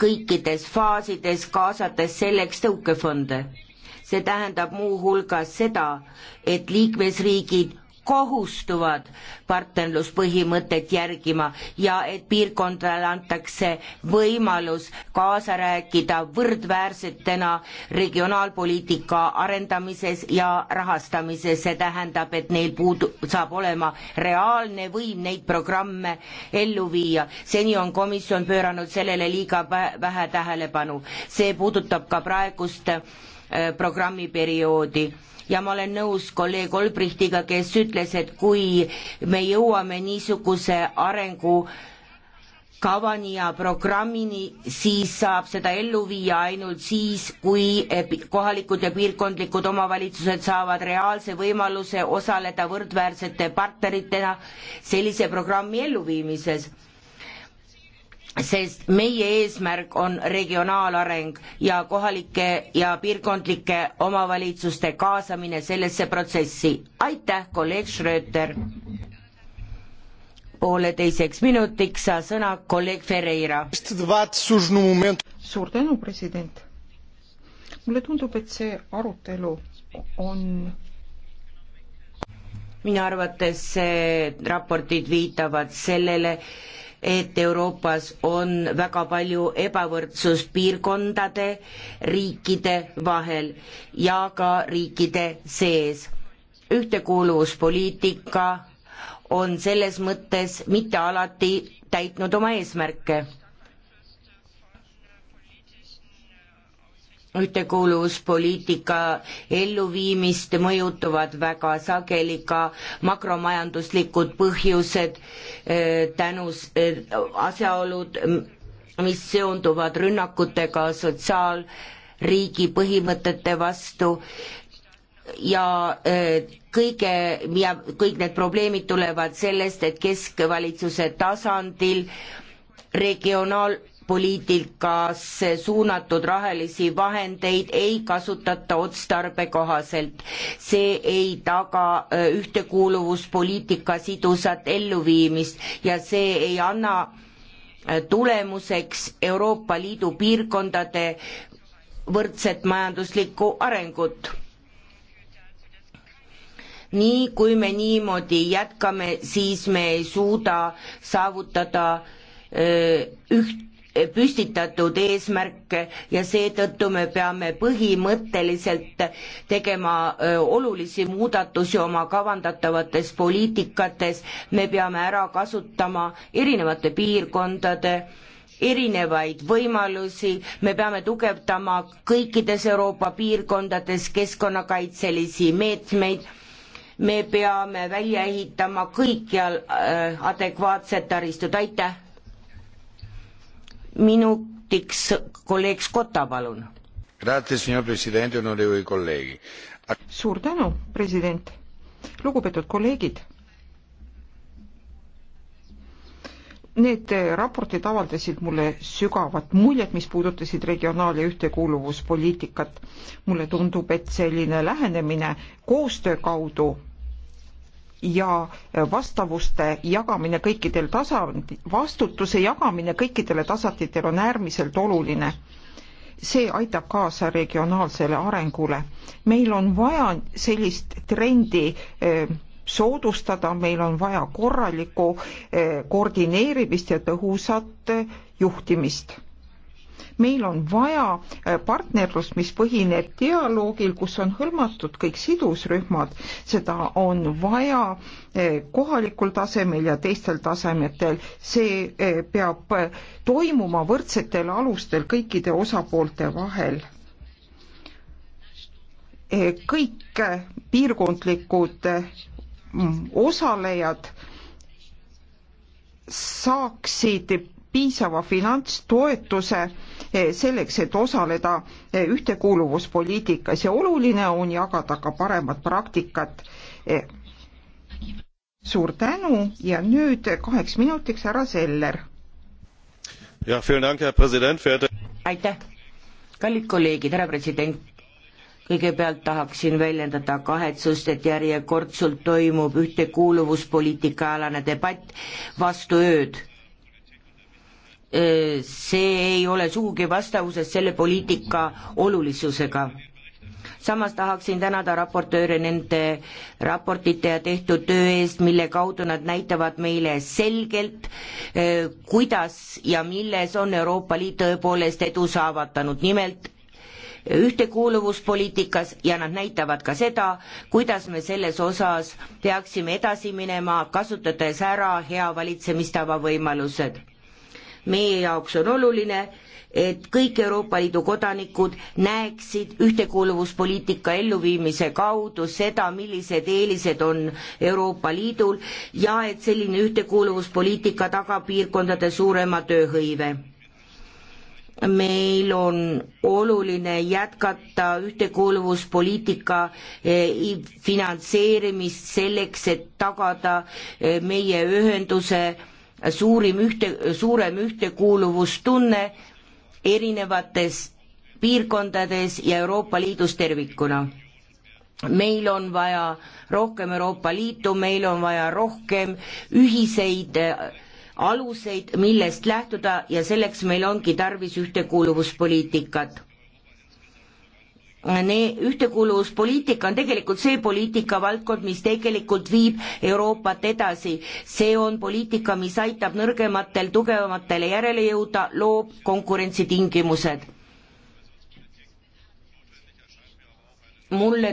kõikides faasides, kaasates selleks tõukefonde. see tähendab muuhulgas seda, et liikmesriigid kohustuvad partnerluspõhimõtet järgima ja et piirkondadele antakse võimalus kaasa rääkida võrdväärsetena regionaalpoliitika arendamises ja rahastamises, see tähendab, et neil puudu, saab olema reaalne võim neid programme ellu viia. seni on komisjon pööranud sellele liiga vähe tähelepanu, see puudutab ka praegust äh, programmiperioodi ja ma olen nõus kolleeg Olbrichtiga, kes ütles, et kui me jõuame niisuguse arengu kavani ja programmini, siis saab seda ellu viia ainult siis, kui kohalikud ja piirkondlikud omavalitsused saavad reaalse võimaluse osaleda võrdväärsete partneritena sellise programmi elluviimises sest meie eesmärk on regionaalareng ja kohalike ja piirkondlike omavalitsuste kaasamine sellesse protsessi. aitäh, kolleeg Schröter! pooleteiseks minutiks saab sõna kolleeg Ferreira. suur tänu, president! mulle tundub, et see arutelu on minu arvates raportid viitavad sellele, et Euroopas on väga palju ebavõrdsust piirkondade, riikide vahel ja ka riikide sees. ühtekuuluvuspoliitika on selles mõttes mitte alati täitnud oma eesmärke ühtekuuluvuspoliitika elluviimist mõjutavad väga sageli ka makromajanduslikud põhjused, äh, tänus, äh, asjaolud, mis seonduvad rünnakutega sotsiaalriigi põhimõtete vastu ja äh, kõige ja kõik need probleemid tulevad sellest, et keskvalitsuse tasandil regionaal- poliitikasse suunatud rahalisi vahendeid ei kasutata otstarbekohaselt. see ei taga äh, ühtekuuluvuspoliitika sidusat elluviimist ja see ei anna äh, tulemuseks Euroopa Liidu piirkondade võrdset majanduslikku arengut nii kui me niimoodi jätkame, siis me ei suuda saavutada öö, äh, üht püstitatud eesmärke ja seetõttu me peame põhimõtteliselt tegema olulisi muudatusi oma kavandatavates poliitikates, me peame ära kasutama erinevate piirkondade erinevaid võimalusi, me peame tugevdama kõikides Euroopa piirkondades keskkonnakaitselisi meetmeid, me peame välja ehitama kõikjal adekvaatset taristut, aitäh! minutiks kolleeg Skotta, palun. suur tänu, president. lugupeetud kolleegid. Need raportid avaldasid mulle sügavat muljet, mis puudutasid regionaal- ja ühtekuuluvuspoliitikat. mulle tundub, et selline lähenemine koostöö kaudu ja vastavuste jagamine kõikidel tasand-, vastutuse jagamine kõikidele tasanditel on äärmiselt oluline. see aitab kaasa regionaalsele arengule. meil on vaja sellist trendi eh, soodustada, meil on vaja korralikku eh, koordineerimist ja tõhusat eh, juhtimist meil on vaja äh, partnerlust, mis põhineb dialoogil, kus on hõlmatud kõik sidusrühmad, seda on vaja äh, kohalikul tasemel ja teistel tasemetel, see äh, peab toimuma võrdsetel alustel kõikide osapoolte vahel kõik piirkondlikud osalejad saaksid piisava finantstoetuse eh, selleks, et osaleda eh, ühtekuuluvuspoliitikas ja oluline on jagada ka paremat praktikat. Eh, suur tänu ja nüüd kaheks minutiks härra Seller. aitäh, kallid kolleegid, härra president kõigepealt tahaksin väljendada kahetsust, et järjekordselt toimub ühtekuuluvuspoliitika alane debatt vastu ööd Äh, see ei ole sugugi vastavuses selle poliitika olulisusega. samas tahaksin tänada raportööre nende raportite ja tehtud töö eest, mille kaudu nad näitavad meile selgelt, äh, kuidas ja milles on Euroopa Liit tõepoolest edu saavutanud, nimelt ühtekuuluvuspoliitikas ja nad näitavad ka seda, kuidas me selles osas peaksime edasi minema, kasutades ära hea valitsemistava võimalused meie jaoks on oluline, et kõik Euroopa Liidu kodanikud näeksid ühtekuuluvuspoliitika elluviimise kaudu seda, millised eelised on Euroopa Liidul ja et selline ühtekuuluvuspoliitika tagab piirkondade suurema tööhõive meil on oluline jätkata ühtekuuluvuspoliitika eh, finantseerimist selleks, et tagada eh, meie ühenduse suurim ühte, suurem ühtekuuluvustunne erinevates piirkondades ja Euroopa Liidus tervikuna. meil on vaja rohkem Euroopa Liitu, meil on vaja rohkem ühiseid äh, aluseid, millest lähtuda ja selleks meil ongi tarvis ühtekuuluvuspoliitikat Äh, Need ühtekuuluvuspoliitika on tegelikult see poliitikavaldkond, mis tegelikult viib Euroopat edasi. see on poliitika, mis aitab nõrgematel tugevamatele järele jõuda, loob konkurentsitingimused. mulle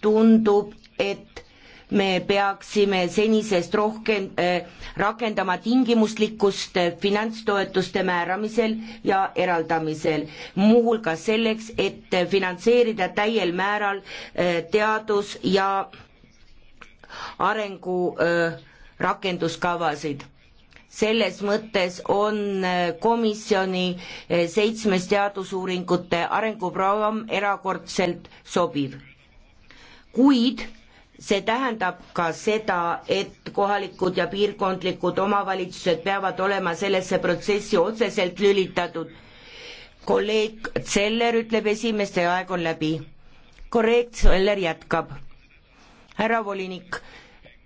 tundub, et me peaksime senisest rohkem äh, rakendama tingimuslikkust finantstoetuste määramisel ja eraldamisel, muuhulgas selleks, et finantseerida täiel määral äh, teadus- ja arengu äh, rakenduskavasid selles mõttes on komisjoni seitsmes teadusuuringute arenguprogramm erakordselt sobiv. kuid see tähendab ka seda, et kohalikud ja piirkondlikud omavalitsused peavad olema sellesse protsessi otseselt lülitatud. kolleeg Zeller ütleb esimest ja aeg on läbi. kolleeg Zeller jätkab. härra volinik,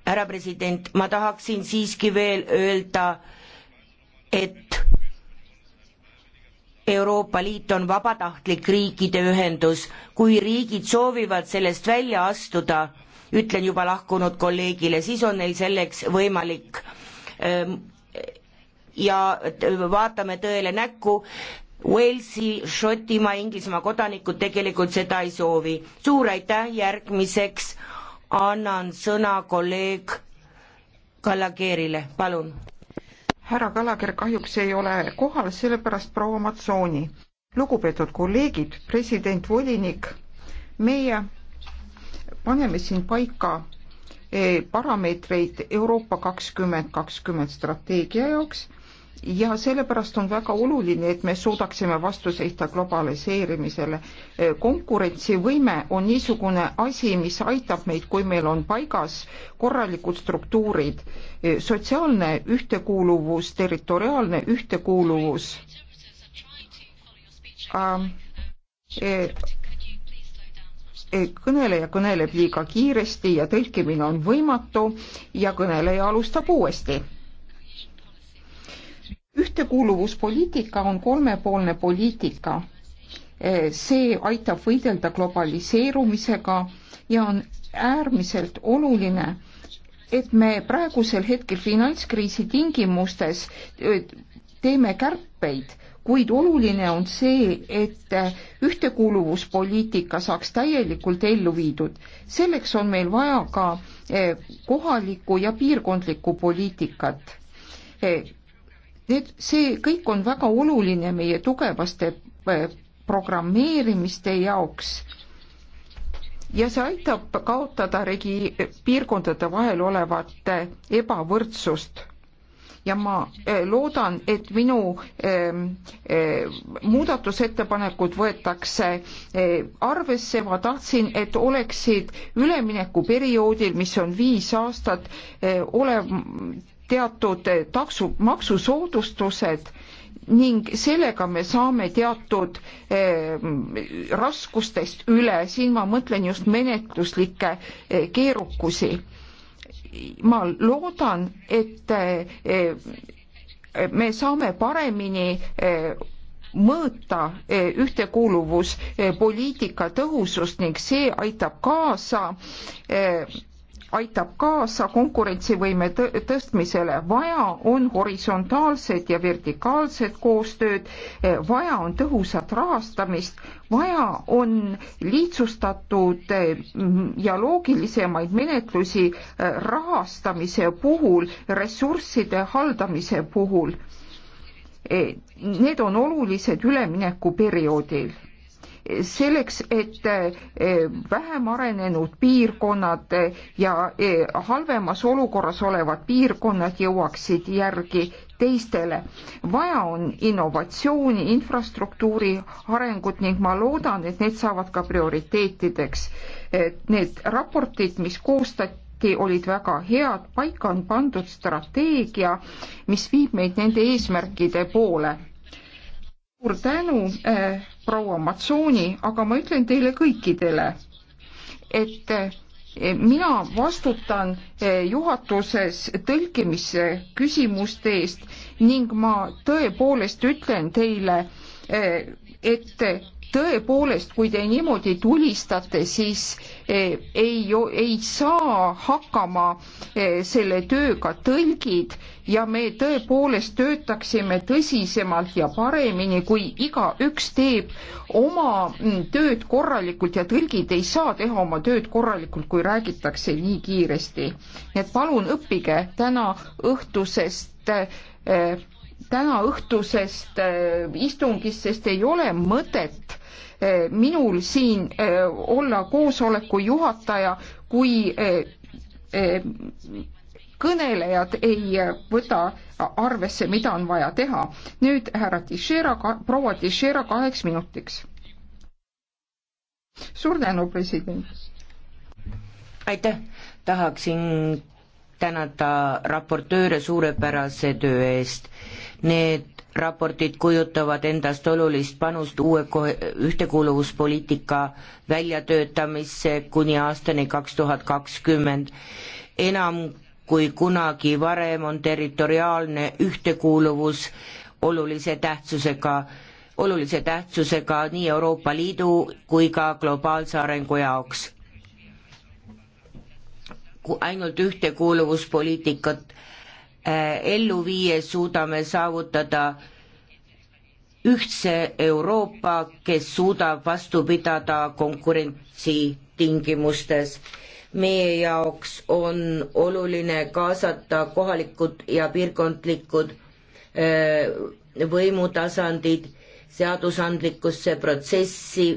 härra president, ma tahaksin siiski veel öelda, et Euroopa Liit on vabatahtlik riikide ühendus, kui riigid soovivad sellest välja astuda, ütlen juba lahkunud kolleegile, siis on neil selleks võimalik ähm, ja äh, vaatame tõele näkku, Walesi, Šotimaa, Inglismaa kodanikud tegelikult seda ei soovi. suur aitäh, järgmiseks annan sõna kolleeg Kallakeerile, palun. härra Kallaker kahjuks ei ole kohal, sellepärast proua Matsooni. lugupeetud kolleegid, president, volinik, meie paneme siin paika eh, parameetreid Euroopa kakskümmend kakskümmend strateegia jaoks ja sellepärast on väga oluline, et me suudaksime vastu seista globaliseerimisele. Eh, konkurentsivõime on niisugune asi, mis aitab meid, kui meil on paigas korralikud struktuurid, eh, sotsiaalne ühtekuuluvus, territoriaalne ühtekuuluvus ähm, kõneleja kõneleb liiga kiiresti ja tõlkimine on võimatu ja kõneleja alustab uuesti. ühtekuuluvuspoliitika on kolmepoolne poliitika. see aitab võidelda globaliseerumisega ja on äärmiselt oluline, et me praegusel hetkel finantskriisi tingimustes teeme kärpeid kuid oluline on see, et ühtekuuluvuspoliitika saaks täielikult ellu viidud. selleks on meil vaja ka eh, kohalikku ja piirkondlikku poliitikat. Eh, need, see kõik on väga oluline meie tugevaste eh, programmeerimiste jaoks ja see aitab kaotada regi-, piirkondade vahel olevat ebavõrdsust ja ma e, loodan, et minu e, e, muudatusettepanekud võetakse arvesse, ma tahtsin, et oleksid üleminekuperioodil, mis on viis aastat, olev teatud taksu, maksusoodustused ning sellega me saame teatud eh, raskustest üle, siin ma mõtlen just menetluslikke eh, keerukusi ma loodan, et eh, me saame paremini eh, mõõta eh, ühtekuuluvuspoliitika tõhusust ning see aitab kaasa aitab kaasa konkurentsivõime tõstmisele. vaja on horisontaalset ja vertikaalset koostööd, vaja on tõhusat rahastamist, vaja on lihtsustatud eh, ja loogilisemaid menetlusi eh, rahastamise puhul, ressursside haldamise puhul. Eh, need on olulised üleminekuperioodil selleks, et eh, vähem arenenud piirkonnad ja eh, halvemas olukorras olevad piirkonnad jõuaksid järgi teistele. vaja on innovatsiooni, infrastruktuuri arengut ning ma loodan, et need saavad ka prioriteetideks. et need raportid, mis koostati, projekti olid väga head, paika on pandud strateegia, mis viib meid nende eesmärkide poole suur tänu äh, proua Matsooni, aga ma ütlen teile kõikidele, et äh, mina vastutan äh, juhatuses tõlkimise küsimuste eest ning ma tõepoolest ütlen teile, et tõepoolest, kui te niimoodi tulistate, siis eh, ei, ei saa hakkama eh, selle tööga tõlgid ja me tõepoolest töötaksime tõsisemalt ja paremini, kui igaüks teeb oma mm, tööd korralikult ja tõlgid ei saa teha oma tööd korralikult, kui räägitakse nii kiiresti. nii et palun õppige täna õhtusest äh, tänaõhtusest äh, istungist, sest ei ole mõtet äh, minul siin äh, olla koosoleku juhataja, kui kõnelejad ei võta arvesse, mida on vaja teha. nüüd härra Teixeira, proua Teixeira kaheks minutiks. suur tänu, president. aitäh, tahaksin tänada raportööre suurepärase töö eest Need raportid kujutavad endast olulist panust uue ühtekuuluvuspoliitika väljatöötamisse kuni aastani kaks tuhat kakskümmend. enam kui kunagi varem on territoriaalne ühtekuuluvus olulise tähtsusega, olulise tähtsusega nii Euroopa Liidu kui ka globaalse arengu jaoks. ainult ühtekuuluvuspoliitikat Äh, ellu viies suudame saavutada ühtse Euroopa, kes suudab vastu pidada konkurentsi tingimustes. meie jaoks on oluline kaasata kohalikud ja piirkondlikud äh, võimutasandid seadusandlikusse protsessi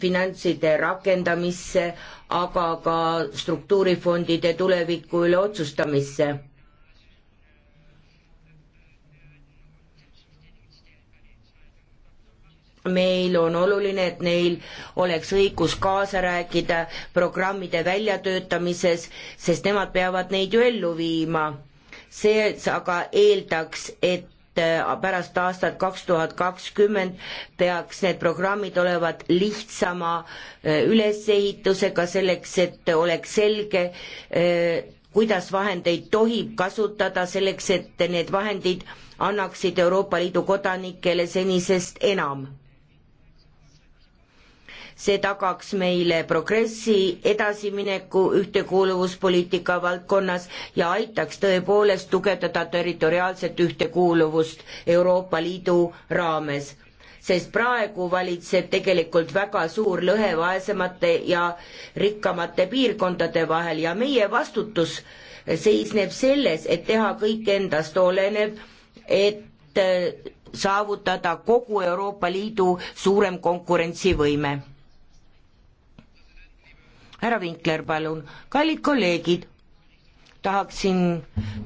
finantside rakendamisse, aga ka struktuurifondide tuleviku üle otsustamisse meil on oluline, et neil oleks õigus kaasa rääkida programmide väljatöötamises, sest nemad peavad neid ju ellu viima. see aga eeldaks, et et äh, pärast aastat kaks tuhat kakskümmend peaks need programmid olevat lihtsama äh, ülesehitusega selleks, et oleks selge, äh, kuidas vahendeid tohib kasutada selleks, et need vahendid annaksid Euroopa Liidu kodanikele senisest enam see tagaks meile progressi, edasimineku ühtekuuluvuspoliitika valdkonnas ja aitaks tõepoolest tugevdada territoriaalset ühtekuuluvust Euroopa Liidu raames sest praegu valitseb tegelikult väga suur lõhe vaesemate ja rikkamate piirkondade vahel ja meie vastutus seisneb selles, et teha kõik endast olenev, et saavutada kogu Euroopa Liidu suurem konkurentsivõime härra Vinkler, palun, kallid kolleegid, tahaksin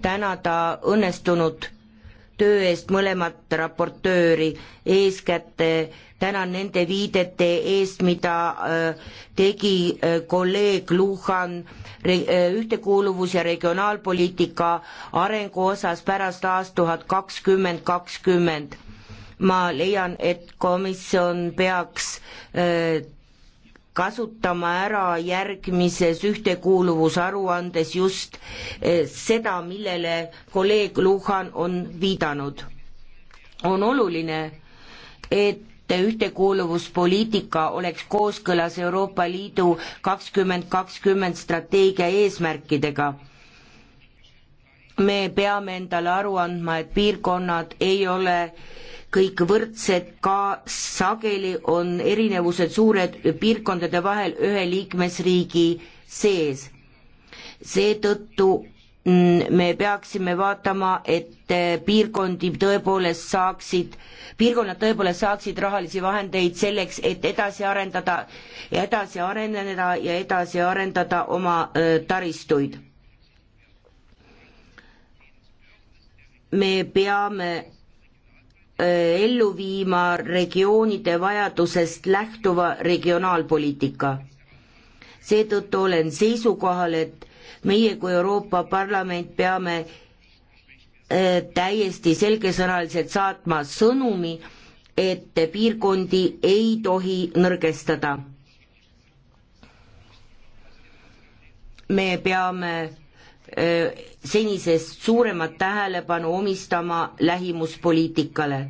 tänada õnnestunud töö eest mõlemat raportööri, eeskätt tänan nende viidete eest, mida äh, tegi äh, kolleeg Luhan äh, ühtekuuluvus- ja regionaalpoliitika arengu osas pärast aastat tuhat kakskümmend kakskümmend. ma leian, et komisjon peaks kasutama ära järgmises ühtekuuluvusaruandes just eh, seda, millele kolleeg Luhan on viidanud. on oluline, et ühtekuuluvuspoliitika oleks kooskõlas Euroopa Liidu kakskümmend kakskümmend strateegia eesmärkidega me peame endale aru andma, et piirkonnad ei ole kõik võrdsed, ka sageli on erinevused suured piirkondade vahel ühe liikmesriigi sees. seetõttu mm, me peaksime vaatama, et eh, piirkondi tõepoolest saaksid, piirkonnad tõepoolest saaksid rahalisi vahendeid selleks, et edasi arendada ja edasi areneda ja edasi arendada oma eh, taristuid. me peame Äh, ellu viima regioonide vajadusest lähtuva regionaalpoliitika. seetõttu olen seisukohal, et meie kui Euroopa Parlament peame äh, täiesti selgesõnaliselt saatma sõnumi, et piirkondi ei tohi nõrgestada. me peame senisest suuremat tähelepanu omistama lähimuspoliitikale.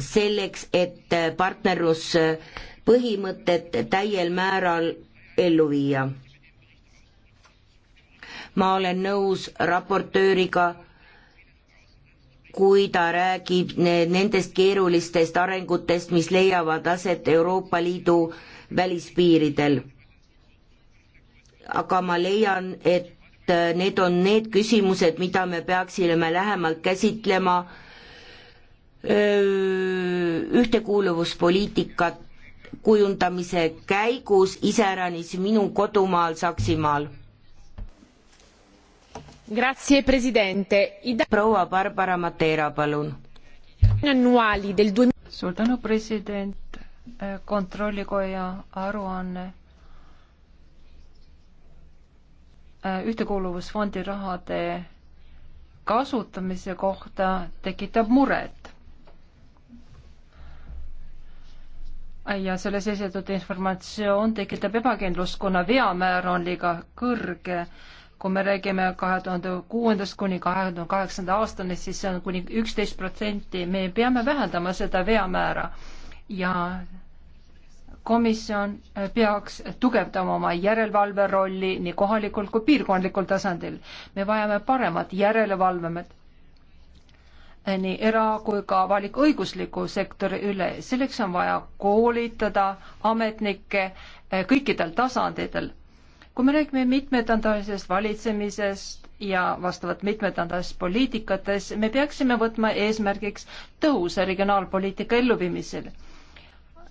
selleks, et äh, partnerluspõhimõtet täiel määral ellu viia. ma olen nõus raportööriga, kui ta räägib nendest keerulistest arengutest, mis leiavad aset Euroopa Liidu välispiiridel aga ma leian, et äh, need on need küsimused, mida me peaksime lähemalt käsitlema äh, ühtekuuluvuspoliitikat kujundamise käigus, iseäranis minu kodumaal Saksimaal. proua Barbara Matera, palun. suur tänu, president, äh, kontrollikoja aruanne Äh, ühtekuuluvusfondi rahade kasutamise kohta tekitab muret. ja selles esitatud informatsioon tekitab ebakindlust, kuna veamäär on liiga kõrge. kui me räägime kahe tuhande kuuendast kuni kahe tuhande kaheksanda aastani, siis see on kuni üksteist protsenti, me peame vähendama seda veamäära ja komisjon eh, peaks tugevdama oma järelevalve rolli nii kohalikul kui piirkondlikul tasandil. me vajame paremat järelevalvemet eh, nii era- kui ka avalik-õigusliku sektori üle. selleks on vaja koolitada ametnikke eh, kõikidel tasanditel. kui me räägime mitmetandalisest valitsemisest ja vastavalt mitmetandalisest poliitikates, me peaksime võtma eesmärgiks tõhusa regionaalpoliitika elluviimisel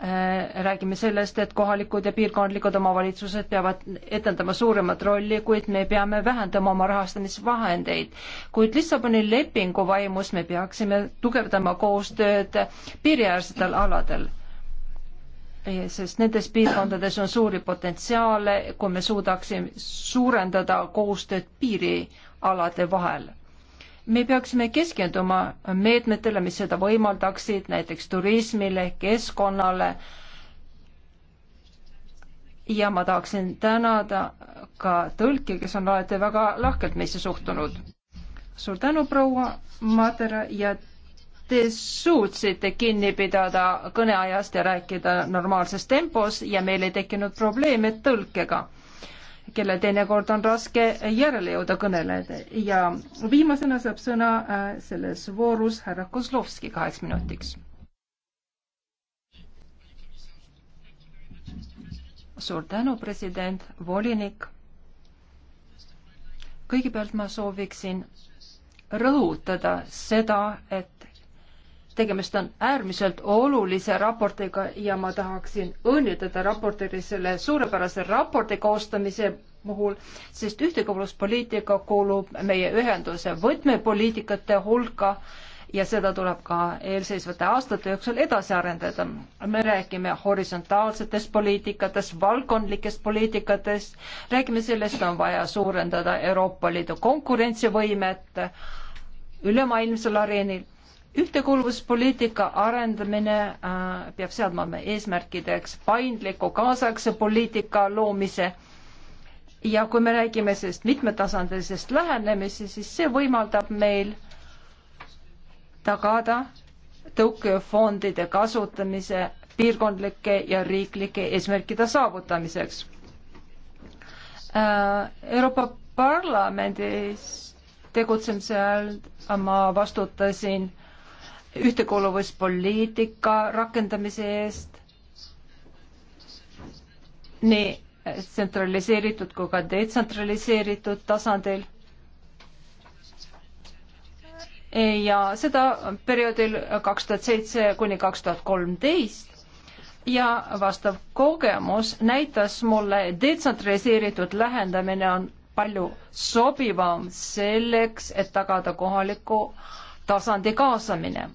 Äh, räägime sellest, et kohalikud ja piirkondlikud omavalitsused peavad etendama suuremat rolli, kuid me peame vähendama oma rahastamisvahendeid. kuid Lissaboni lepingu vaimus me peaksime tugevdama koostööd piiriäärsetel aladel. E, sest nendes piirkondades on suuri potentsiaale, kui me suudaksime suurendada koostööd piirialade vahel me peaksime keskenduma meetmetele, mis seda võimaldaksid, näiteks turismile, keskkonnale. ja ma tahaksin tänada ka tõlki, kes on alati väga lahkelt meisse suhtunud. suur tänu, proua Madera ja te suutsite kinni pidada kõneajast ja rääkida normaalses tempos ja meil ei tekkinud probleeme tõlkega kellel teinekord on raske järele jõuda kõnelejad ja viimasena saab sõna äh, selles voorus härra Kozlovski kaheks minutiks. suur tänu, president, volinik. kõigepealt ma sooviksin rõhutada seda, et tegemist on äärmiselt olulise raportiga ja ma tahaksin õnnitleda raportööri selle suurepärase raporti koostamise puhul, sest ühtekuuluvuspoliitika kuulub meie ühenduse võtmepoliitikate hulka ja seda tuleb ka eelseisvate aastate jooksul edasi arendada. me räägime horisontaalsetest poliitikatest, valdkondlikest poliitikatest, räägime sellest, on vaja suurendada Euroopa Liidu konkurentsivõimet ülemaailmsel areenil ühtekuuluvuspoliitika arendamine äh, peab seadma eesmärkideks paindliku kaasaegse poliitika loomise ja kui me räägime sellest mitmetasandilisest lähenemisest, siis see võimaldab meil tagada tõukefondide kasutamise piirkondlike ja riiklike eesmärkide saavutamiseks äh,. Euroopa Parlamendis tegutsemise ajal ma vastutasin ühtekuuluvuspoliitika rakendamise eest nii tsentraliseeritud kui ka detsentraliseeritud tasandil. ja seda perioodil kaks tuhat seitse kuni kaks tuhat kolmteist ja vastav kogemus näitas mulle, detsentraliseeritud lähendamine on palju sobivam selleks, et tagada kohaliku tasandi kaasamine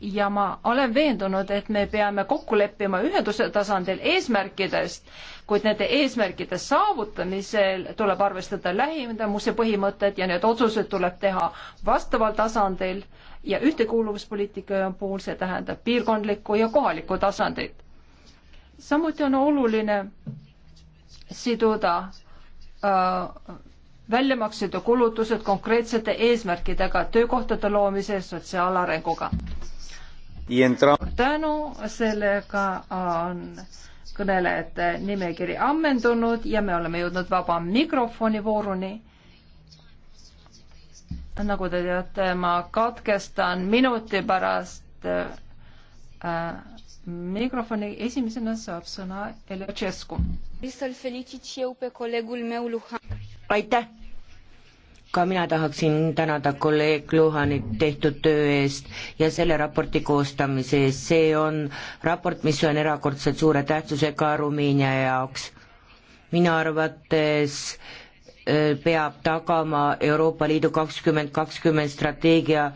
ja ma olen veendunud, et me peame kokku leppima ühenduse tasandil eesmärkidest, kuid nende eesmärkide saavutamisel tuleb arvestada lähimuse põhimõtted ja need otsused tuleb teha vastaval tasandil ja ühtekuuluvuspoliitika puhul see tähendab piirkondlikku ja kohalikku tasandit. samuti on oluline siduda äh, väljamaksed ja kulutused konkreetsete eesmärkidega töökohtade loomise ja sotsiaalarenguga tänu, sellega on kõnelejate nimekiri ammendunud ja me oleme jõudnud vaba mikrofoni vooruni. nagu te teate, ma katkestan minuti pärast äh, mikrofoni, esimesena saab sõna Elja Tšesku. aitäh ka mina tahaksin tänada kolleeg Luhanit tehtud töö eest ja selle raporti koostamise eest, see on raport, mis on erakordselt suure tähtsusega Rumeenia jaoks. minu arvates äh, peab tagama Euroopa Liidu kakskümmend kakskümmend strateegia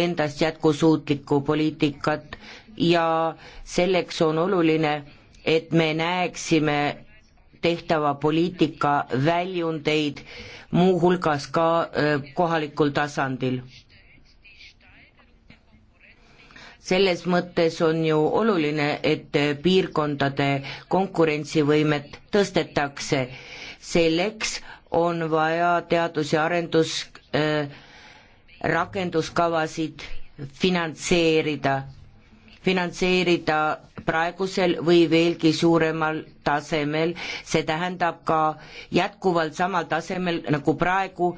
endast jätkusuutlikku poliitikat ja selleks on oluline, et me näeksime tehtava poliitika väljundeid, muuhulgas ka äh, kohalikul tasandil. selles mõttes on ju oluline, et äh, piirkondade konkurentsivõimet tõstetakse. selleks on vaja teadus- ja arendus äh, rakenduskavasid finantseerida, finantseerida praegusel või veelgi suuremal tasemel, see tähendab ka jätkuvalt samal tasemel nagu praegu,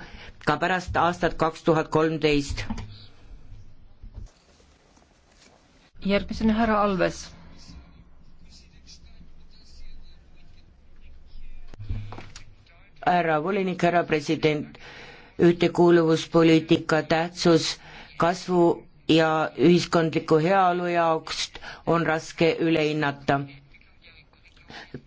ka pärast aastat kaks tuhat kolmteist. järgmisena härra Alves härra volinik, härra president, ühtekuuluvuspoliitika tähtsus kasvu ja ühiskondliku heaolu jaoks on raske üle hinnata.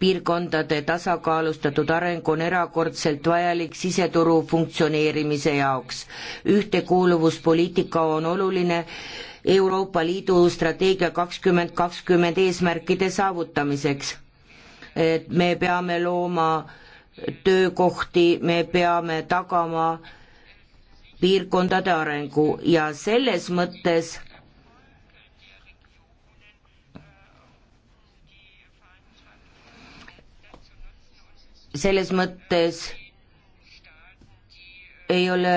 piirkondade tasakaalustatud areng on erakordselt vajalik siseturu funktsioneerimise jaoks. ühtekuuluvuspoliitika on oluline Euroopa Liidu strateegia kakskümmend kakskümmend eesmärkide saavutamiseks. et me peame looma töökohti, me peame tagama äh, piirkondade arengu ja selles mõttes selles mõttes ei ole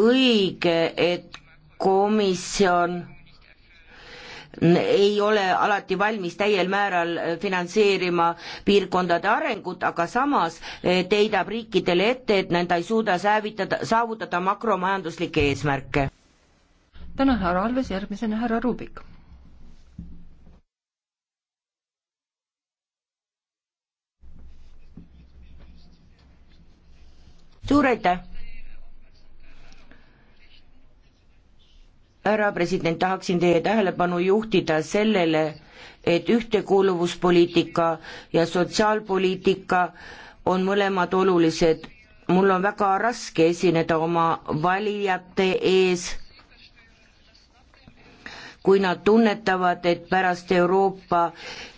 õige, et komisjon ei ole alati valmis täiel määral äh, finantseerima piirkondade arengut, aga samas äh, teidab riikidele ette, et nad ei suuda säävitada, saavutada makromajanduslikke eesmärke. tänan, härra Alves, järgmisena härra Rubik suur aitäh! härra president, tahaksin teie tähelepanu juhtida sellele, et ühtekuuluvuspoliitika ja sotsiaalpoliitika on mõlemad olulised. mul on väga raske esineda oma valijate ees, kui nad tunnetavad, et pärast Euroopa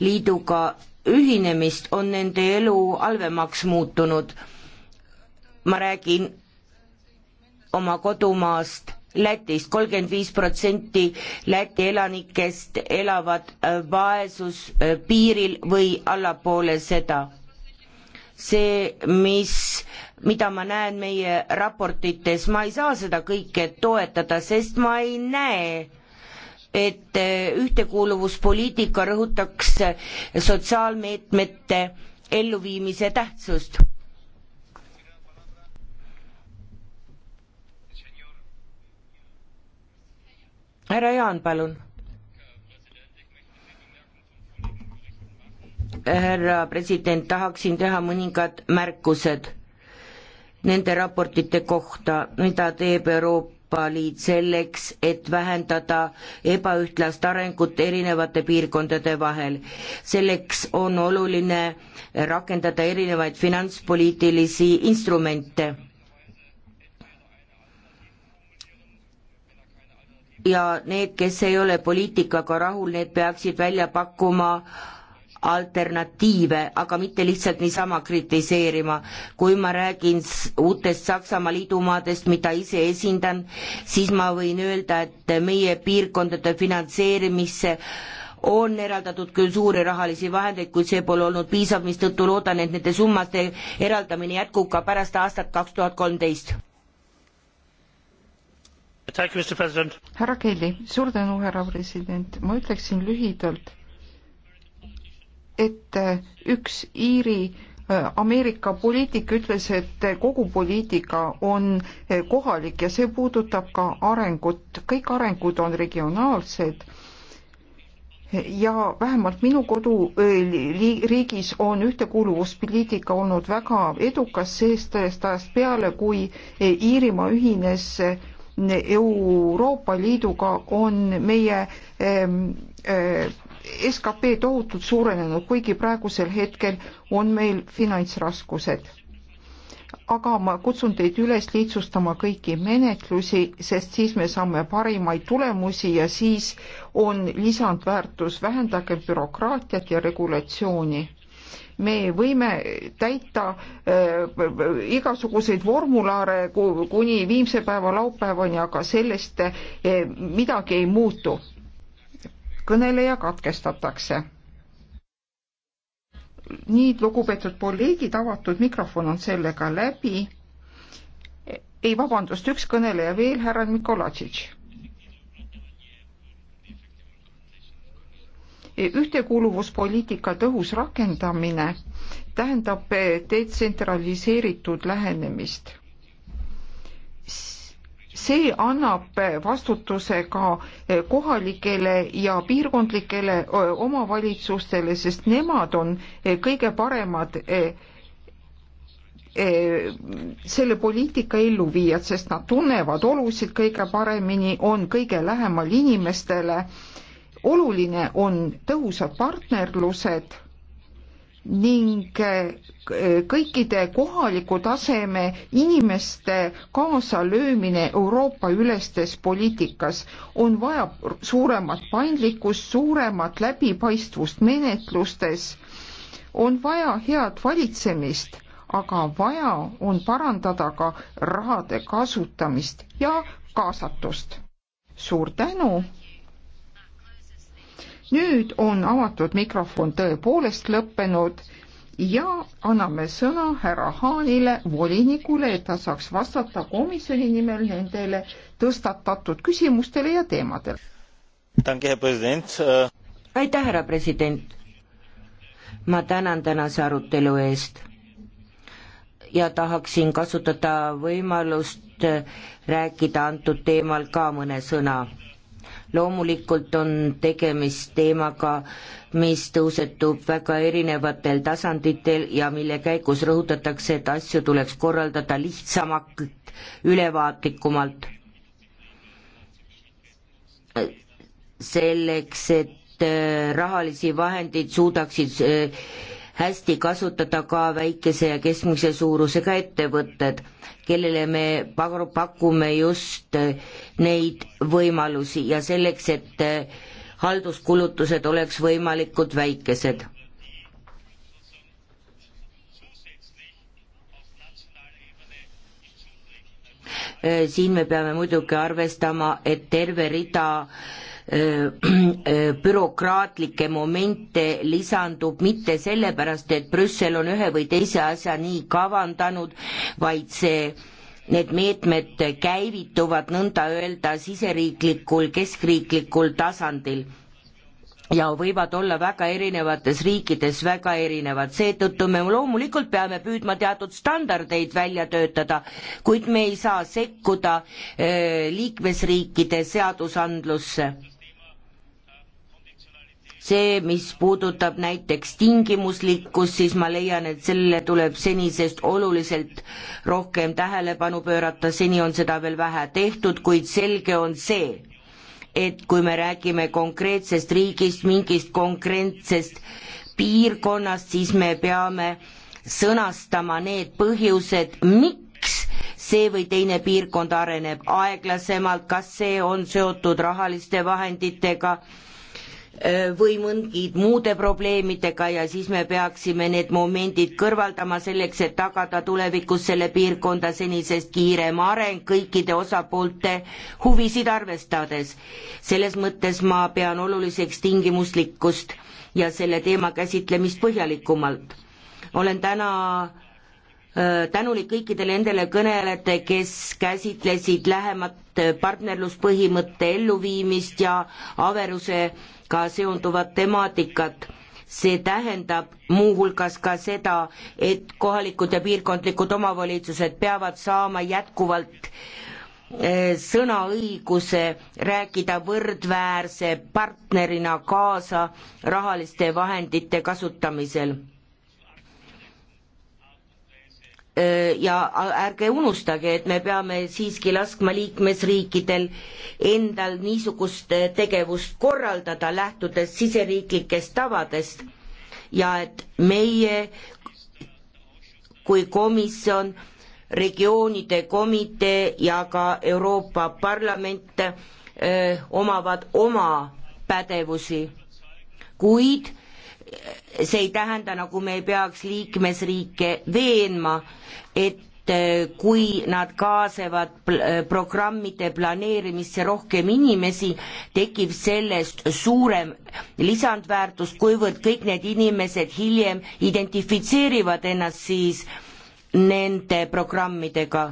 Liiduga ühinemist on nende elu halvemaks muutunud. ma räägin oma kodumaast Lätist, kolmkümmend viis protsenti Läti elanikest elavad äh, vaesuspiiril äh, või allapoole seda. see, mis, mida ma näen meie raportites, ma ei saa seda kõike toetada, sest ma ei näe et äh, ühtekuuluvuspoliitika rõhutaks sotsiaalmeetmete elluviimise tähtsust härra Jaan, palun. härra president, tahaksin teha mõningad märkused nende raportite kohta, mida teeb Euroopa Liit selleks, et vähendada ebaühtlast arengut erinevate piirkondade vahel. selleks on oluline rakendada erinevaid finantspoliitilisi instrumente ja need, kes ei ole poliitikaga rahul, need peaksid välja pakkuma alternatiive, aga mitte lihtsalt niisama kritiseerima. kui ma räägin uutest Saksamaa liidumaadest, mida ise esindan, siis ma võin öelda, et meie piirkondade finantseerimisse on eraldatud küll suuri rahalisi vahendeid, kuid see pole olnud piisav, mistõttu loodan, et nende summade eraldamine jätkub ka pärast aastat kaks tuhat kolmteist härra Kelly, suur tänu, härra president, ma ütleksin lühidalt, et äh, üks Iiri äh, Ameerika poliitik ütles, et äh, kogu poliitika on kohalik ja see puudutab ka arengut, kõik arengud on regionaalsed ja vähemalt minu koduriigis on ühtekuuluvuspoliitika olnud väga edukas sellest ajast peale, kui Iirimaa ühines Euroopa Liiduga on meie ehm, ehm, skp tohutult suurenenud, kuigi praegusel hetkel on meil finantsraskused. aga ma kutsun teid üles lihtsustama kõiki menetlusi, sest siis me saame parimaid tulemusi ja siis on lisandväärtus, vähendage bürokraatiat ja regulatsiooni me võime täita äh, igasuguseid vormulaare kuni viimse päeva laupäevani, aga sellest äh, midagi ei muutu. kõneleja katkestatakse nii, lugupeetud kolleegid, avatud mikrofon on sellega läbi. ei, vabandust, üks kõneleja veel, härra Mikolatšitš ühtekuuluvuspoliitika tõhus rakendamine tähendab detsentraliseeritud lähenemist. see annab vastutuse ka kohalikele ja piirkondlikele omavalitsustele, sest nemad on kõige paremad eh, eh, selle poliitika elluviijad, sest nad tunnevad olusid kõige paremini, on kõige lähemal inimestele oluline on tõhusad partnerlused ning eh, kõikide kohaliku taseme inimeste kaasalöömine Euroopa ülestes poliitikas on vaja suuremat paindlikkust, suuremat läbipaistvust menetlustes, on vaja head valitsemist, aga vaja on parandada ka rahade kasutamist ja kaasatust. suur tänu nüüd on avatud mikrofon tõepoolest lõppenud ja anname sõna härra Haanile, volinikule, et ta saaks vastata komisjoni nimel nendele tõstatatud küsimustele ja teemadele. aitäh, härra president. ma tänan tänase arutelu eest ja tahaksin kasutada võimalust rääkida antud teemal ka mõne sõna loomulikult on tegemist teemaga, mis tõusetub väga erinevatel tasanditel ja mille käigus rõhutatakse, et asju tuleks korraldada lihtsamalt, ülevaatlikumalt. selleks, et äh, rahalisi vahendeid suudaksid äh, hästi kasutada ka väikese ja keskmise suurusega ettevõtted, kellele me pakume just eh, neid võimalusi ja selleks, et eh, halduskulutused oleks võimalikult väikesed. Eh, siin me peame muidugi arvestama, et terve rida Äh, äh, bürokraatlikke momente lisandub mitte sellepärast, et Brüssel on ühe või teise asja nii kavandanud, vaid see need meetmed käivituvad nõnda öelda siseriiklikul, keskriiklikul tasandil ja võivad olla väga erinevates riikides väga erinevad, seetõttu me loomulikult peame püüdma teatud standardeid välja töötada, kuid me ei saa sekkuda öö, äh, liikmesriikide seadusandlusse see, mis puudutab näiteks tingimuslikkust, siis ma leian, et sellele tuleb senisest oluliselt rohkem tähelepanu pöörata, seni on seda veel vähe tehtud, kuid selge on see, et kui me räägime konkreetsest riigist, mingist konkreetsest piirkonnast, siis me peame sõnastama need põhjused, miks see või teine piirkond areneb aeglasemalt, kas see on seotud rahaliste vahenditega, või mõndid muude probleemidega ja siis me peaksime need momendid kõrvaldama selleks, et tagada tulevikus selle piirkonda senisest kiirem areng kõikide osapoolte huvisid arvestades. selles mõttes ma pean oluliseks tingimuslikkust ja selle teema käsitlemist põhjalikumalt. olen täna äh, tänulik kõikidele nendele kõnelejatele, kes käsitlesid lähemat partnerluspõhimõtte elluviimist ja averuse ka seonduvat temaatikat. see tähendab muuhulgas ka seda, et kohalikud ja piirkondlikud omavalitsused peavad saama jätkuvalt eh, sõnaõiguse rääkida võrdväärse partnerina kaasa rahaliste vahendite kasutamisel Äh, ja ärge unustage, et me peame siiski laskma liikmesriikidel endal niisugust äh, tegevust korraldada, lähtudes siseriiklikest tavadest ja et meie kui komisjon, regioonide komitee ja ka Euroopa Parlament öö, äh, omavad oma pädevusi, kuid see ei tähenda, nagu me ei peaks liikmesriike veenma, et äh, kui nad kaasavad äh, programmide planeerimisse rohkem inimesi, tekib sellest suurem lisandväärtus, kuivõrd kõik need inimesed hiljem identifitseerivad ennast siis nende programmidega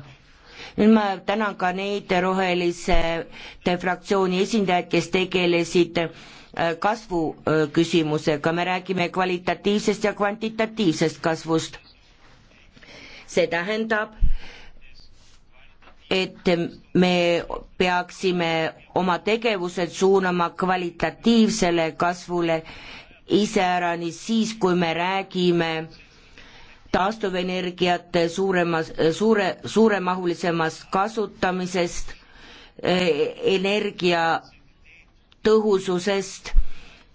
nüüd ma tänan ka neid roheliste fraktsiooni esindajaid, kes tegelesid kasvu küsimusega, me räägime kvalitatiivsest ja kvantitatiivsest kasvust. see tähendab, et me peaksime oma tegevused suunama kvalitatiivsele kasvule iseäranis siis, kui me räägime taastuvenergiate suuremas, suure, suuremahulisemast kasutamisest, energia tõhususest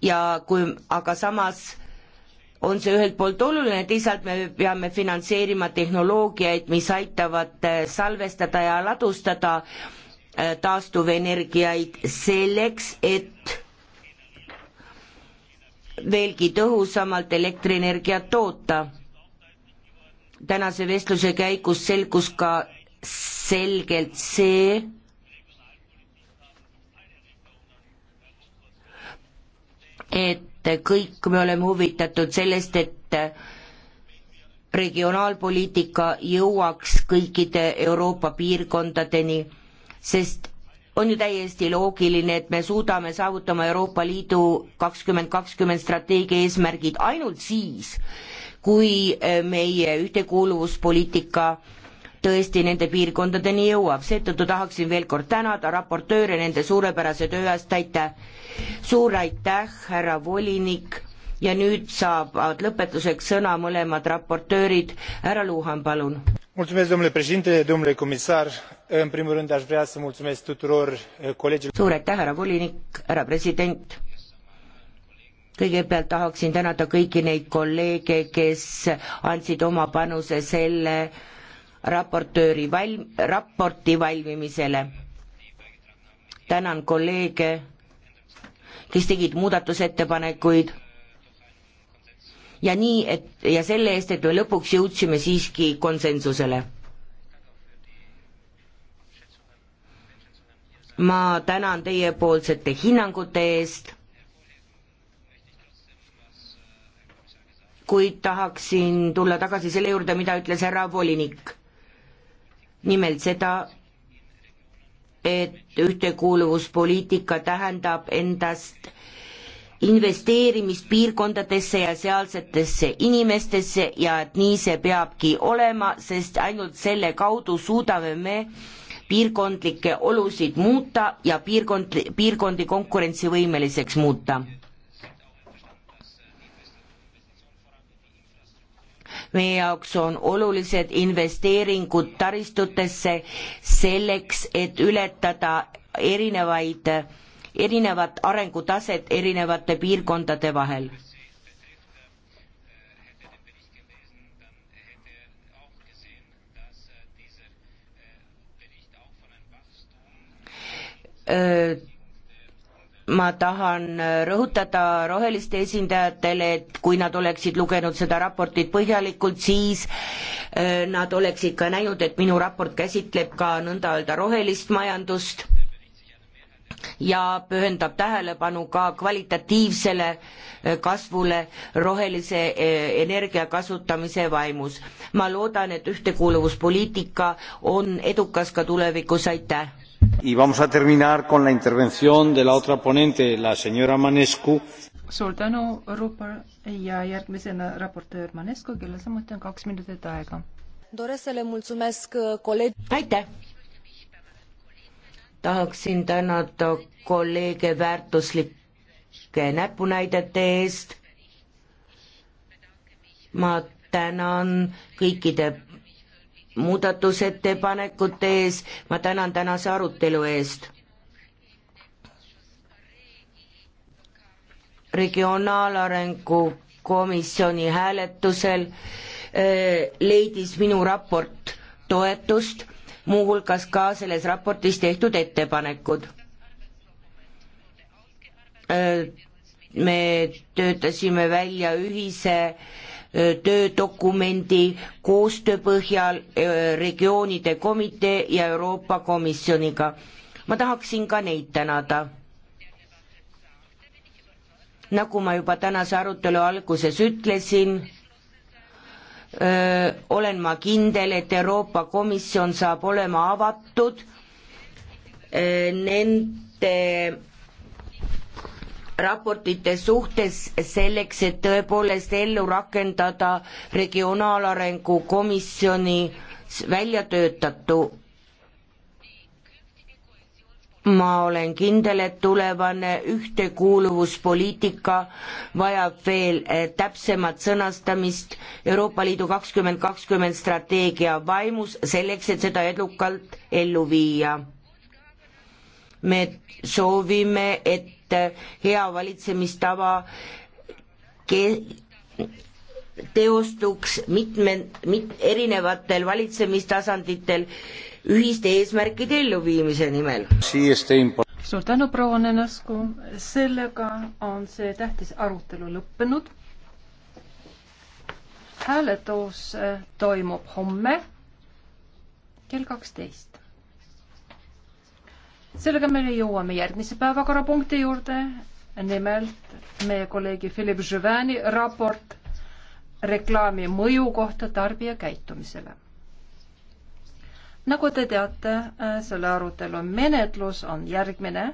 ja kui, aga samas on see ühelt poolt oluline, teisalt me peame finantseerima tehnoloogiaid, mis aitavad äh, salvestada ja ladustada äh, taastuvenergiaid selleks, et veelgi tõhusamalt elektrienergiat toota. tänase vestluse käigus selgus ka selgelt see, et kõik me oleme huvitatud sellest, et regionaalpoliitika jõuaks kõikide Euroopa piirkondadeni, sest on ju täiesti loogiline, et me suudame saavutama Euroopa Liidu kakskümmend kakskümmend strateegia eesmärgid ainult siis, kui meie ühtekuuluvuspoliitika tõesti nende piirkondadeni jõuab, seetõttu tahaksin veel kord tänada raportööre nende suurepärase töö eest, aitäh! suur aitäh, härra volinik, ja nüüd saavad lõpetuseks sõna mõlemad raportöörid, härra Luhan, palun! în primul rând aș vrea să mulțumesc tuturor eh, colegilor suur aitäh, härra volinik, härra president! kõigepealt tahaksin tänada kõiki neid kolleege, kes andsid oma panuse selle raportööri valm-, raporti valmimisele. tänan kolleege, kes tegid muudatusettepanekuid ja nii, et ja selle eest, et me lõpuks jõudsime siiski konsensusele. ma tänan teiepoolsete hinnangute eest, kuid tahaksin tulla tagasi selle juurde, mida ütles härra volinik nimelt seda, et ühtekuuluvuspoliitika tähendab endast investeerimist piirkondadesse ja sealsetesse inimestesse ja et nii see peabki olema, sest ainult selle kaudu suudame me piirkondlikke olusid muuta ja piirkond, piirkondi konkurentsivõimeliseks muuta meie jaoks on olulised investeeringud taristutesse selleks, et ületada erinevaid, erinevat arengutaset erinevate piirkondade vahel. öö ma tahan rõhutada roheliste esindajatele, et kui nad oleksid lugenud seda raportit põhjalikult, siis äh, nad oleksid ka näinud, et minu raport käsitleb ka nõnda öelda rohelist majandust ja pühendab tähelepanu ka kvalitatiivsele äh, kasvule rohelise äh, energia kasutamise vaimus. ma loodan, et ühtekuuluvuspoliitika on edukas ka tulevikus, aitäh! Y vamos a terminar con la intervención de la otra ponente, la señora Manescu. suur tänu, Rupert ja järgmisena raportöör Manescu, kellel samuti on kaks minutit aega. Uh, aitäh! tahaksin tänada kolleege väärtuslike näpunäidete eest. ma tänan kõikide muudatusettepanekute ees, ma tänan tänase arutelu eest. regionaalarengu komisjoni hääletusel leidis minu raport toetust, muuhulgas ka selles raportis tehtud ettepanekud. me töötasime välja ühise äh, töödokumendi koostöö põhjal äh, regioonide komitee ja Euroopa Komisjoniga. ma tahaksin ka neid tänada. nagu ma juba tänase arutelu alguses ütlesin, öö, äh, olen ma kindel, et Euroopa Komisjon saab olema avatud öö, äh, nende raportite suhtes selleks, et tõepoolest ellu rakendada Regionaalarengu Komisjoni välja töötatu. ma olen kindel, et tulevane ühtekuuluvuspoliitika vajab veel eh, täpsemat sõnastamist Euroopa Liidu kakskümmend kakskümmend strateegia vaimus, selleks et seda edukalt ellu viia. me soovime, et mitte hea valitsemistava teostuks mitme, mit-, erinevatel valitsemistasanditel ühiste eesmärkide elluviimise nimel. suur tänu, proua Nenasku, sellega on see tähtis arutelu lõppenud. hääletus äh, toimub homme kell kaksteist sellega me jõuame järgmise päevakorrapunkti juurde, nimelt meie kolleegi Philip Juvani raport reklaami mõju kohta tarbija käitumisele. nagu te teate, äh, selle arutelu menetlus on järgmine